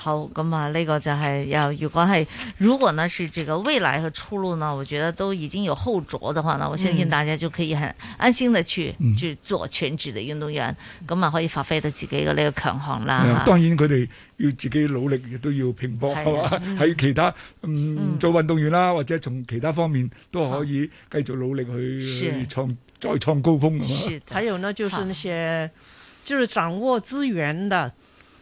好，咁啊，呢個就係要如果係如果呢，是這個未來和出路呢，我覺得都已經有後着的話呢，呢我相信大家就可以很安心地去、嗯、去做全職的運動員，咁啊、嗯、可以發揮到自己嘅呢個強項啦。嗯啊、當然佢哋要自己努力，亦都要拼搏係喺其他嗯，嗯做運動員啦，或者從其他方面都可以繼續努力去創再創高峰。還有呢，就是那些，好就是掌握資源的。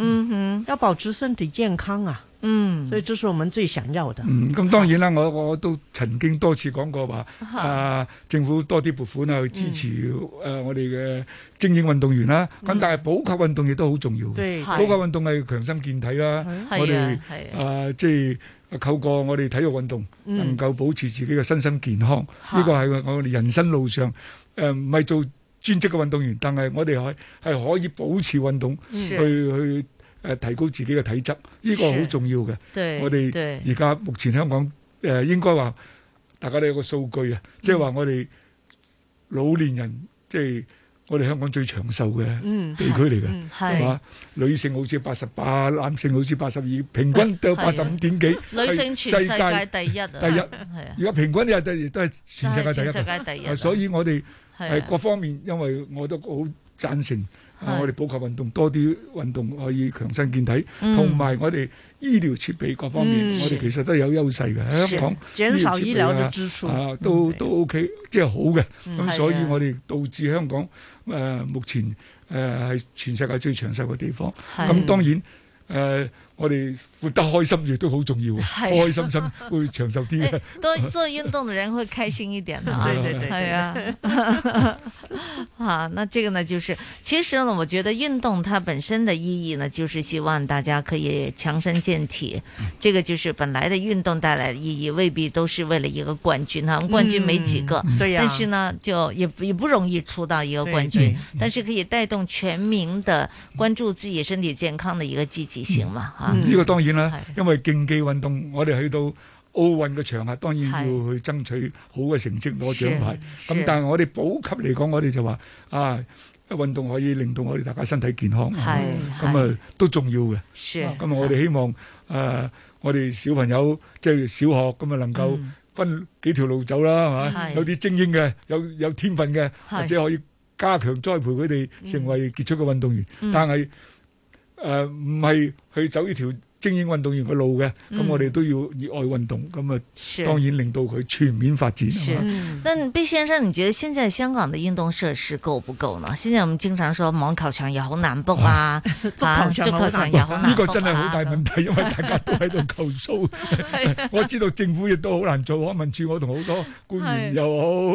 嗯哼，要保持身體健康啊，嗯，所以這是我們最想要的。嗯，咁當然啦，我我都曾經多次講過話，啊，政府多啲撥款啊去支持誒我哋嘅精英運動員啦，咁但係普及運動亦都好重要，普及運動係強身健體啦，我哋係啊即係透過我哋體育運動，能夠保持自己嘅身心健康，呢個係我哋人生路上誒唔係做。專職嘅運動員，但係我哋可係可以保持運動，去去誒提高自己嘅體質，呢個好重要嘅。我哋而家目前香港誒，應該話大家都有個數據啊，即係話我哋老年人，即係我哋香港最長壽嘅地區嚟嘅，係嘛？女性好似八十八，男性好似八十二，平均都有八十五點幾，女性全世界第一，第一，係啊！而家平均都係第都係全世界第一，所以我哋。係各方面，因為我都好贊成啊是、呃！我哋普及運動多啲運動可以強身健體，同埋、嗯、我哋醫療設備各方面，嗯、我哋其實都有優勢嘅。是香港減少 醫療設備啊，的啊都都 OK、嗯、即係好嘅。咁、嗯、所以我哋導致香港誒、呃、目前誒係、呃、全世界最長壽嘅地方。咁是當然誒。呃我哋活得開心亦都好重要、啊，啊、開心心會長壽啲、啊哎。多做運動的人會開心一點咯、啊， 對對對，對，係 啊。啊，那這個呢，就是其實呢，我覺得運動它本身的意義呢，就是希望大家可以強身健體。這個就是本來的運動帶來的意義，未必都是為了一個冠軍，哈、啊，冠軍沒幾個，嗯、對呀、啊。但是呢，就也也不容易出到一個冠軍，但是可以帶動全民的關注自己身體健康的一個積極性嘛，啊。呢個當然啦，因為競技運動，我哋去到奧運嘅場合，當然要去爭取好嘅成績攞獎牌。咁但係我哋普及嚟講，我哋就話啊，運動可以令到我哋大家身體健康，咁啊都重要嘅。咁我哋希望誒我哋小朋友即係小學咁啊，能夠分幾條路走啦，係嘛？有啲精英嘅，有有天分嘅，或者可以加強栽培佢哋成為傑出嘅運動員，但係。誒，唔係、呃、去走呢條精英運動員嘅路嘅，咁我哋都要熱愛運動，咁啊當然令到佢全面發展。是，但畢先生，你覺得現在香港嘅運動設施夠唔夠呢？現在我們經常說網球場也好難 book 啊，足球場也好難。呢個真係好大問題，因為大家都喺度投訴。我知道政府亦都好難做，我問住我同好多官員又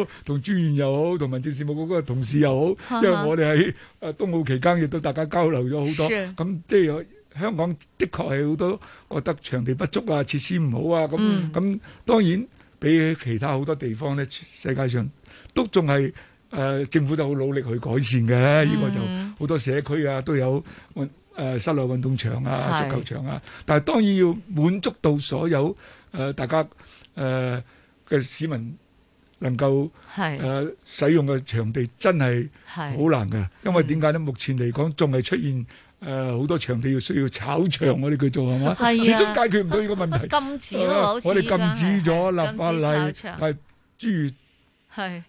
好，同專員又好，同民政事務局嘅同事又好，因為我哋喺誒冬奧期間亦都大家交流咗好多。咁即係。香港的確係好多覺得場地不足啊、設施唔好啊，咁咁、嗯、當然比起其他好多地方呢，世界上都仲係誒政府都好努力去改善嘅。呢、嗯、個就好多社區啊都有誒、呃、室內運動場啊、足球場啊，是但係當然要滿足到所有誒、呃、大家誒嘅、呃、市民能夠誒是、呃、使用嘅場地真係好難㗎，嗯、因為點解呢？目前嚟講仲係出現。誒，好多場地要需要炒場，我哋叫做係嘛，始終解決唔到呢個問題。禁止我哋禁止咗立法例係豬係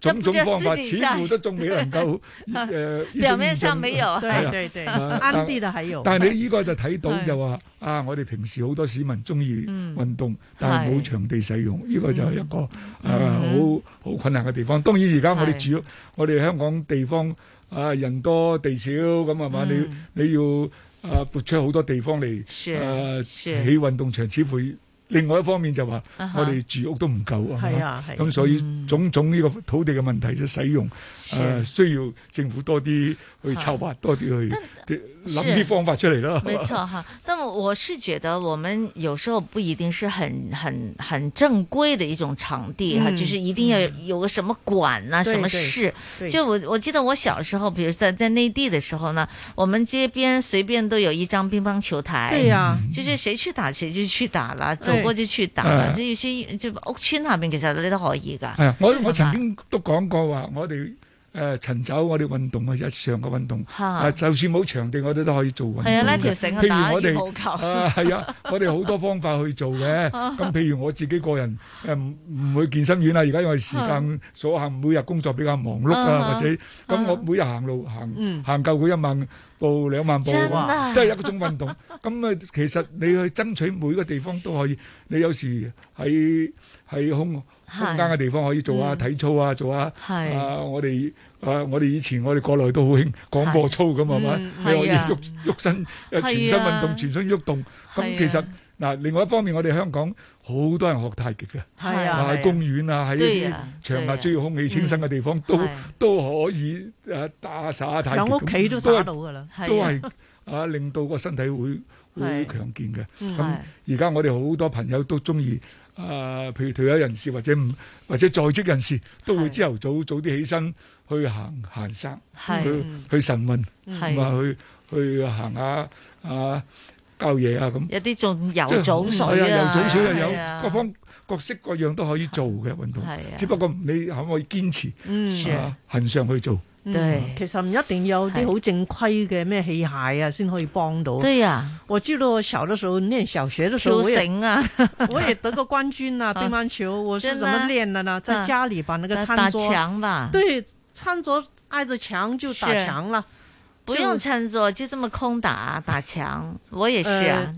種種方法，似乎都仲未能夠誒。表面上沒有，對對對，暗地的還有。但係你呢個就睇到就話啊，我哋平時好多市民中意運動，但係冇場地使用，呢個就係一個誒好好困難嘅地方。當然而家我哋住我哋香港地方。啊！人多地少咁係嘛，你你要啊撥出好多地方嚟是啊起是運動場。似乎另外一方面就話我哋住屋都唔夠，uh huh. 吧啊，咁、啊、所以種種呢個土地嘅問題就使用，誒需要政府多啲去籌劃，啊、多啲去。但去諗啲方法出嚟咯，沒錯哈、啊。但係我是覺得，我們有時候不一定是很、很、很正規的一種場地，哈、嗯，就是一定要有個什麼館啊，對什麼室。就我我記得我小時候，比如在在內地的時候呢，我們街邊隨便都有一張乒乓球台。對呀、啊，就是誰去打誰就去打了，對走過就去打了。對就有些就屋邨那邊其實你都可以噶。我吧我曾經都講過話，我哋。誒尋找我哋運動嘅日常嘅運動、啊呃，就算冇場地，我哋都可以做運動、啊、譬如我哋， 啊，係啊，我哋好多方法去做嘅。咁 譬如我自己個人，唔、呃、唔去健身院啦。而家因為時間所限， 每日工作比較忙碌啊， 或者咁我每日行路行、嗯、行夠佢一萬步兩萬步，都係一種運動。咁啊、 嗯，其實你去爭取每個地方都可以。你有時喺喺空。空間嘅地方可以做下體操啊，做下，啊，我哋啊，我哋以前我哋國內都好興廣播操咁啊嘛，你可以喐喐身，全身運動，全身喐動。咁其實嗱，另外一方面，我哋香港好多人學太極嘅，喺公園啊，喺啲長下、主要空氣清新嘅地方都都可以誒打耍太極。喺屋企都耍到㗎喇，都係啊令到個身體會會強健嘅。咁而家我哋好多朋友都鍾意。啊、呃，譬如退休人士或者唔或者在職人士，都會朝頭早是早啲起身去行行山，是去去晨運，咁啊是去去行下啊郊野啊咁。有啲仲游早水啊，游就、啊、早水就有啊，有各方各式各樣都可以做嘅運動，啊、只不過你可唔可以堅持啊？恆常是、呃、去做。嗯、對，其實唔一定要啲好正規嘅咩器械啊，先是可以幫到。對啊，我記得我小的時候念小學的時候寫都啊，我也， 我也得過冠軍啊，乒乓球。我是怎麼練的呢？在家裡把那個餐桌、啊、牆對，餐桌挨着牆就打牆了。不用撐住，就這麼空打打牆，我也是啊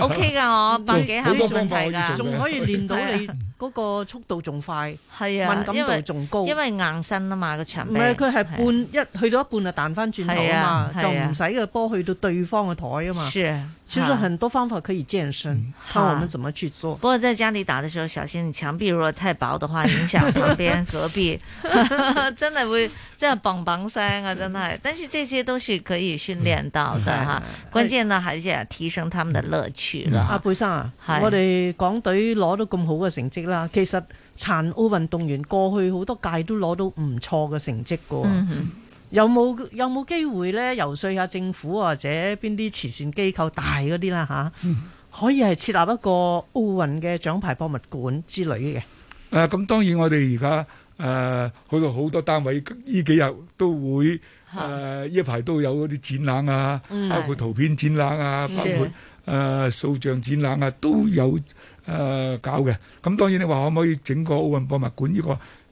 ，O K 噶，我百幾下冇問題噶，仲、呃、可以練到你嗰個速度仲快，係啊，敏感度仲高因，因為硬身啊嘛、這個、啊嘛個牆，唔係佢係半一去到一半啊彈翻轉頭啊嘛，啊啊就唔使個波去到對方嘅台啊嘛。其實很多方法可以健身，是看我們怎麼去做。不過在家裏打的時候，小心你牆壁如果太薄的話，影響旁邊隔壁， 真係會真係棒棒聲啊！真係，但是這些都是可以訓練到的哈。關鍵呢，還是要提升他們的樂趣，阿貝莎，嗯、是啊，啊是我哋港隊攞到咁好嘅成績啦，其實殘奧運動員過去好多屆都攞到唔錯嘅成績嘅。嗯有冇有冇機會咧游説下政府或者邊啲慈善機構大嗰啲啦嚇，可以係設立一個奧運嘅獎牌博物館之類嘅。誒咁、嗯、當然我哋而家誒好多好多單位呢幾日都會誒、呃、一排都有嗰啲展覽啊，嗯、包括圖片展覽啊，的包括誒數、呃、像展覽啊都有誒、呃、搞嘅。咁當然你話可唔可以整個奧運博物館呢、呢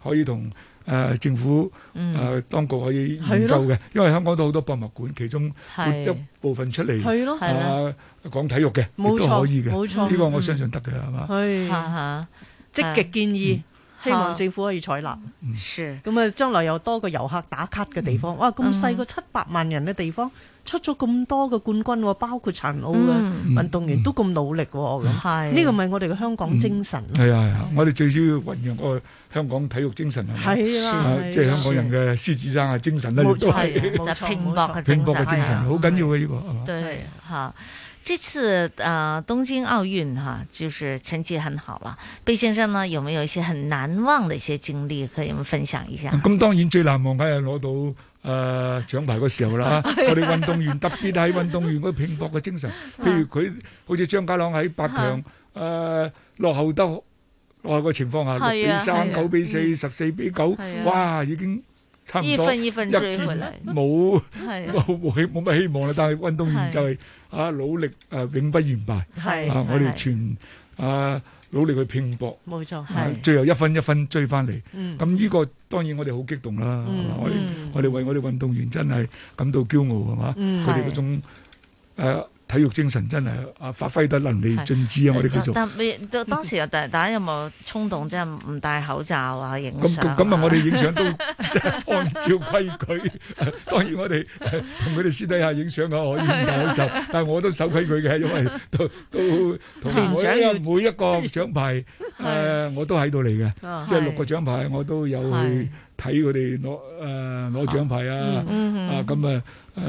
個可以同？誒、呃、政府誒、呃嗯、當局可以研究嘅，係嘅因為香港都好多博物館，其中撥一部分出嚟係咯啊，係啊講體育嘅冇錯都可以嘅，冇錯，呢個我相信得嘅，係嘛、嗯？係啊係嘅，積極建議。嗯希望政府可以採納。咁啊，將來有多個遊客打卡嘅地方。哇，咁細個七百萬人嘅地方，出咗咁多嘅冠軍，包括殘奧嘅運動員都咁努力。咁，呢個咪我哋嘅香港精神？係啊係啊，我哋最主要運用個香港體育精神啊，即係香港人嘅獅子山啊精神咧，都係拼搏嘅精神，好緊要嘅呢個。對，吓。這次啊東京奧運哈，就是成績很好啦。貝先生呢，有沒有一些很難忘的一些經歷，可以我們分享一下？咁當然最難忘係攞到誒獎牌嘅時候啦。我哋運動員特別喺運動員嗰拼搏嘅精神，譬如佢好似張家朗喺八強誒落後得落後嘅情況下，六比三、九比四、十四比九，哇，已經差唔多一分一分追回嚟，冇冇冇冇乜希望啦。但係運動員就係。啊！努力誒、啊，永不言敗。係啊、我哋全係係啊努力去拼搏。冇錯、啊，最後一分一分追翻嚟。咁呢、嗯、個當然我哋好激動啦。嗯、我哋、嗯、我哋為我哋運動員真係感到驕傲、嗯、們啊嘛！佢哋嗰種體育精神真係啊，發揮得淋漓盡致啊！我哋叫做但未到當時大家有冇衝動即係唔戴口罩啊？影相咁咁咁啊！我哋影相都即係 按照規矩。當然我哋同佢哋私底下影相啊，可以唔戴口罩，啊、但係我都守規矩嘅，因為都 都我每一個每一個獎牌 是、呃、我都喺度嚟嘅，是即係六個獎牌我都有去。睇佢哋攞誒攞獎牌啊！哦嗯、啊咁啊誒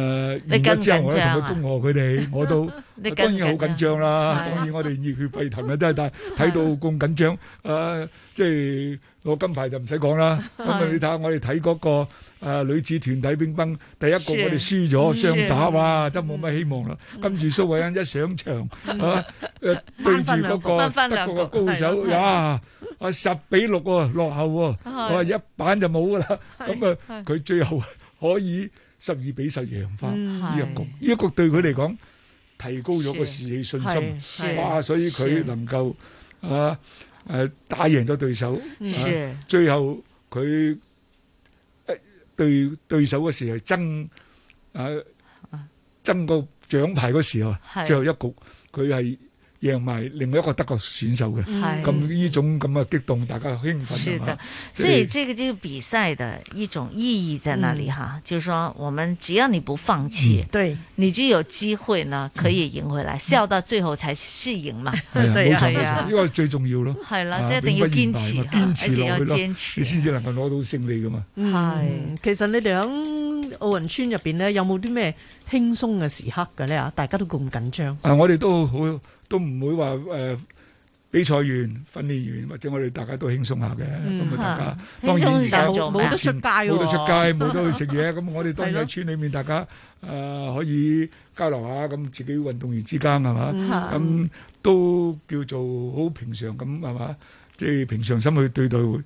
完咗之後我，我咧同佢恭賀佢哋，我都 當然好緊張啦、啊。 當然我哋熱血沸騰啊，真係 但係睇到咁緊張，誒、 啊、即係。個金牌就唔使講啦，咁啊你睇下我哋睇嗰個誒女子團體乒乓第一局我哋輸咗雙打哇，真冇乜希望啦，跟住蘇慧音一上場啊，誒對住嗰個德國嘅高手，哇，啊十比六喎落後喎，我話一板就冇噶啦，咁啊佢最後可以十二比十贏翻呢一局，呢一局對佢嚟講提高咗個士氣信心，哇！所以佢能夠啊。誒打贏咗對手，是啊，最後佢對對手嗰時係爭，啊，爭個獎牌時候，是最後一局佢係。贏埋另外一個德國選手嘅，咁呢種咁嘅激動，大家興奮啊，所以，呢個比賽嘅一種意義在哪裡哈，就是說，我們只要你不放棄，你就有機會呢，可以贏回來，笑到最後才是贏嘛。係啊，係啊，呢個最重要咯。係啦，即一定要堅持，堅持佢咯，你先至能夠攞到勝利噶嘛。係，其實你哋喺奧運村入邊呢，有冇啲咩輕鬆嘅時刻嘅呢？大家都咁緊張。我哋都好。都唔會話誒比賽完、訓練完或者我哋大家都輕鬆下嘅，咁啊大家當然而家冇，冇得出街喎，冇得出街，冇得去食嘢，咁我哋當然喺村裏面，大家誒可以交流下，咁自己運動員之間係嘛，咁都叫做好平常咁係嘛，即係平常心去對待誒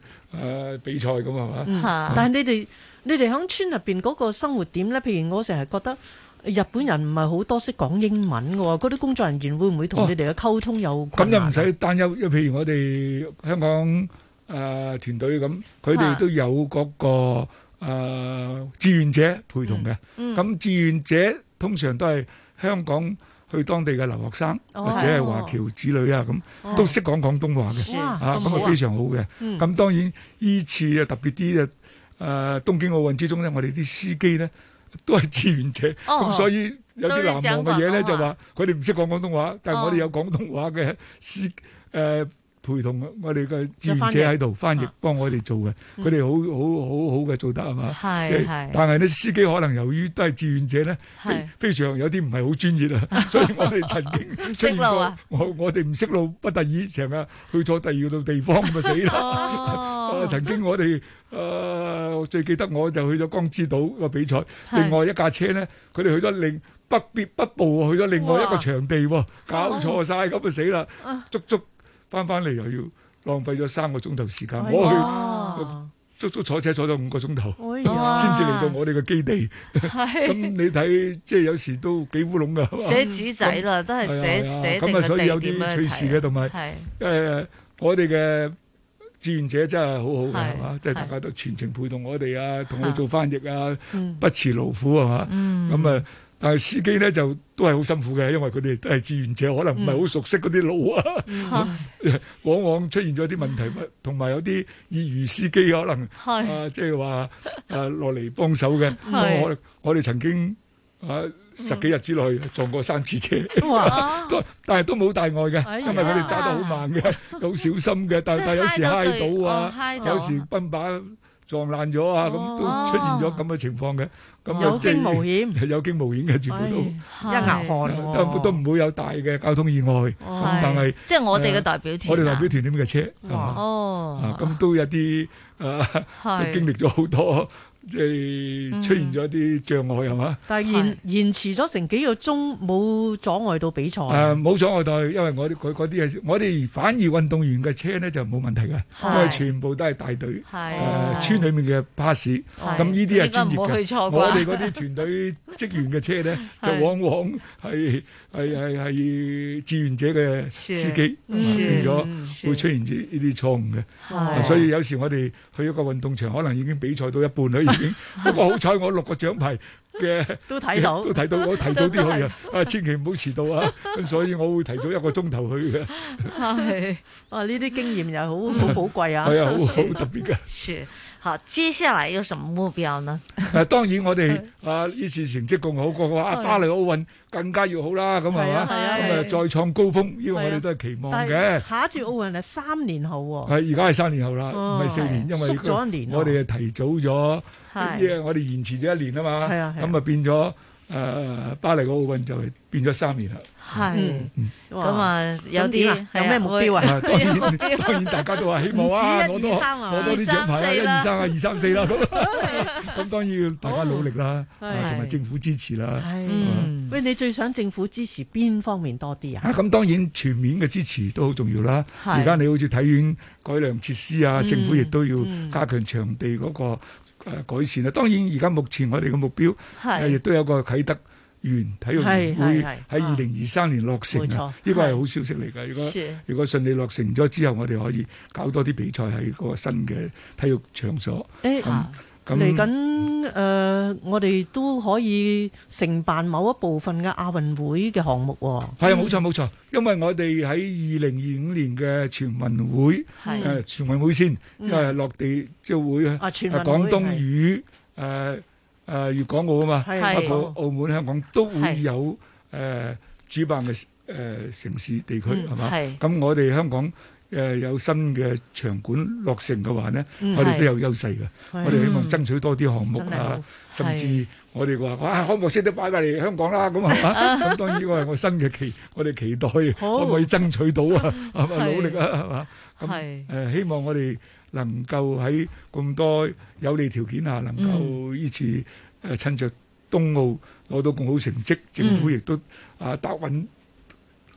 比賽咁係嘛。但係你哋你哋喺村入邊嗰個生活點咧？譬如我成日覺得。日本人唔係好多識講英文嘅喎，嗰啲工作人員會唔會同你哋嘅溝通有困難？咁又唔使擔憂，因為譬如我哋香港誒團隊咁，佢哋都有嗰個誒志願者陪同嘅。咁志願者通常都係香港去當地嘅留學生或者係華僑子女啊，咁都識講廣東話嘅，啊咁啊非常好嘅。咁當然呢次啊特別啲嘅誒東京奧運之中咧，我哋啲司機咧。都係志願者，咁、哦、所以有啲難忘嘅嘢咧，講話就話佢哋唔識講廣東話，但係我哋有廣東話嘅司誒。哦呃陪同我，我哋嘅志願者喺度翻譯，幫我哋做嘅，佢哋好好好好嘅做得係嘛？係係。但係咧，司機可能由於都係志願者咧，非常有啲唔係好專業啊，所以我哋曾經出咗我我哋唔識路，不第二成啊，去咗第二度地方咪死啦！曾經我哋誒最記得我就去咗江之島個比賽，另外一架車咧，佢哋去咗另不別不步去咗另外一個場地喎，搞錯晒咁就死啦！足足。返返嚟又要浪費咗三個鐘頭時間，我去足足坐車坐咗五個鐘頭，先至嚟到我哋嘅基地。咁你睇即係有時都幾烏龍㗎。寫紙仔啦，都係寫寫咁啊，所以有啲趣事嘅，同埋誒我哋嘅志願者真係好好嘅，係嘛？即係大家都全程陪同我哋啊，同佢做翻譯啊，不辭勞苦係嘛？咁啊。但係司機咧就都係好辛苦嘅，因為佢哋都係志願者，可能唔係好熟悉嗰啲路啊，往往出現咗啲問題，同埋有啲業餘司機可能啊，即係話落嚟幫手嘅。我哋曾經啊十幾日之內撞過三次車，都但係都冇大礙嘅，因為佢哋揸得好慢嘅，好小心嘅，但係有時揩到啊，有時奔把。撞爛咗啊！咁都出現咗咁嘅情況嘅，咁有驚無險，有驚無險嘅，全部都一額汗，根本都唔會有大嘅交通意外。咁但係即係我哋嘅代表團，我哋代表團點嘅車係嘛？咁都有啲都經歷咗好多。即係出現咗啲障礙係嘛？嗯、吧但係延延遲咗成幾個鐘，冇阻礙到比賽。誒、呃，冇阻礙到，因為我哋佢啲我哋反而運動員嘅車咧就冇問題嘅，是因為全部都係大隊誒村裏面嘅巴士，咁是呢啲係專業嘅。我哋嗰啲團隊職員嘅車咧，就往往係。係係係，志願者嘅司機變咗會出現呢啲錯誤嘅，是所以有時我哋去一個運動場，可能已經比賽到一半啦，已經。 不過好彩我六個獎牌嘅，都睇到，都睇到我提早啲去啊！啊，千祈唔好遲到啊！所以我會提早一個鐘頭去嘅。哇！呢啲經驗又好好寶貴啊，係 啊，好特別嘅。好，接下嚟有什麼目標呢？誒、啊，當然我哋是啊呢次成績咁好過嘅話，個個阿巴黎奧運更加要好啦，咁係嘛？係啊，咁啊，啊，啊，啊再創高峰，呢個我哋都係期望嘅。是啊、下一次奧運係三年後喎、哦。係，而家係三年後啦，唔係四年，啊、因為縮咗、啊、一年了，我哋啊提早咗，因為、啊啊啊、我哋延遲咗一年啊嘛。係啊，咁啊變咗。誒巴黎個奧運就變咗三年啦，係咁啊！有啲有咩目標啊？當然當然大家都話希望哇攞多攞多啲獎牌，一二三啊二三四啦。咁當然要大家努力啦，同埋政府支持啦。係。喂，你最想政府支持邊方面多啲啊？咁當然全面嘅支持都好重要啦。而家你好似體院改良設施啊，政府亦都要加強場地嗰個。誒、呃、改善啦，當然而家目前我哋嘅目標係亦是、呃、都有一個啟德園體育會喺二零二三年落成啊！呢個係好消息嚟㗎。啊、如果是如果順利落成咗之後，我哋可以搞多啲比賽喺個新嘅體育場所。欸嗯啊嚟緊誒，我哋都可以承辦某一部分嘅亞運會嘅項目喎。係啊，冇錯冇錯，因為我哋喺二零二五年嘅全運會，誒全運會先因為落地就會啊，廣東與誒誒粵港澳啊嘛，包括澳門、香港都會有誒主辦嘅誒城市地區係嘛？咁我哋香港。誒有新嘅場館落成嘅話咧，我哋都有優勢嘅。我哋希望爭取多啲項目啊，甚至我哋話，哇，開幕式都擺埋嚟香港啦，咁係嘛？咁當然我係我新嘅期，我哋期待可唔可以爭取到啊？係嘛，努力啊，係嘛？咁誒，希望我哋能夠喺咁多有利條件下，能夠依次誒，趁著冬奧攞到更好成績，政府亦都啊，搭揾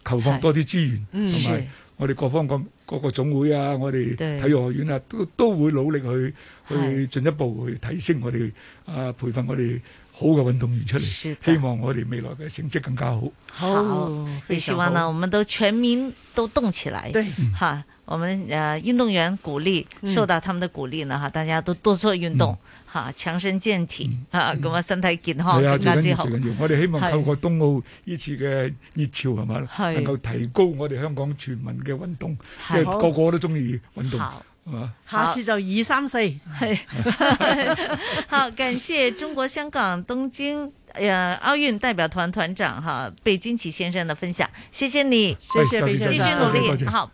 求放多啲資源，同埋我哋各方咁。各個總會啊，我哋體育學院啊，對都都會努力去去進一步去提升我哋的啊，培訓我哋好嘅運動員出嚟，的希望我哋未來嘅成績更加好。好，也希望呢，我們都全民都動起來，嚇、嗯。我們呃，運動員鼓勵，受到他們的鼓勵呢，哈，大家都多做運動，哈，強身健體，哈，咁啊，身體健康。最重要，最重要，我哋希望透過冬奧呢次嘅熱潮係嘛，能夠提高我哋香港全民嘅運動，即係個個都中意運動，下次就二三四，係好，感謝中國香港東京呃奧運代表團團長哈貝君奇先生的分享，謝謝你，謝謝先生，繼續努力，好。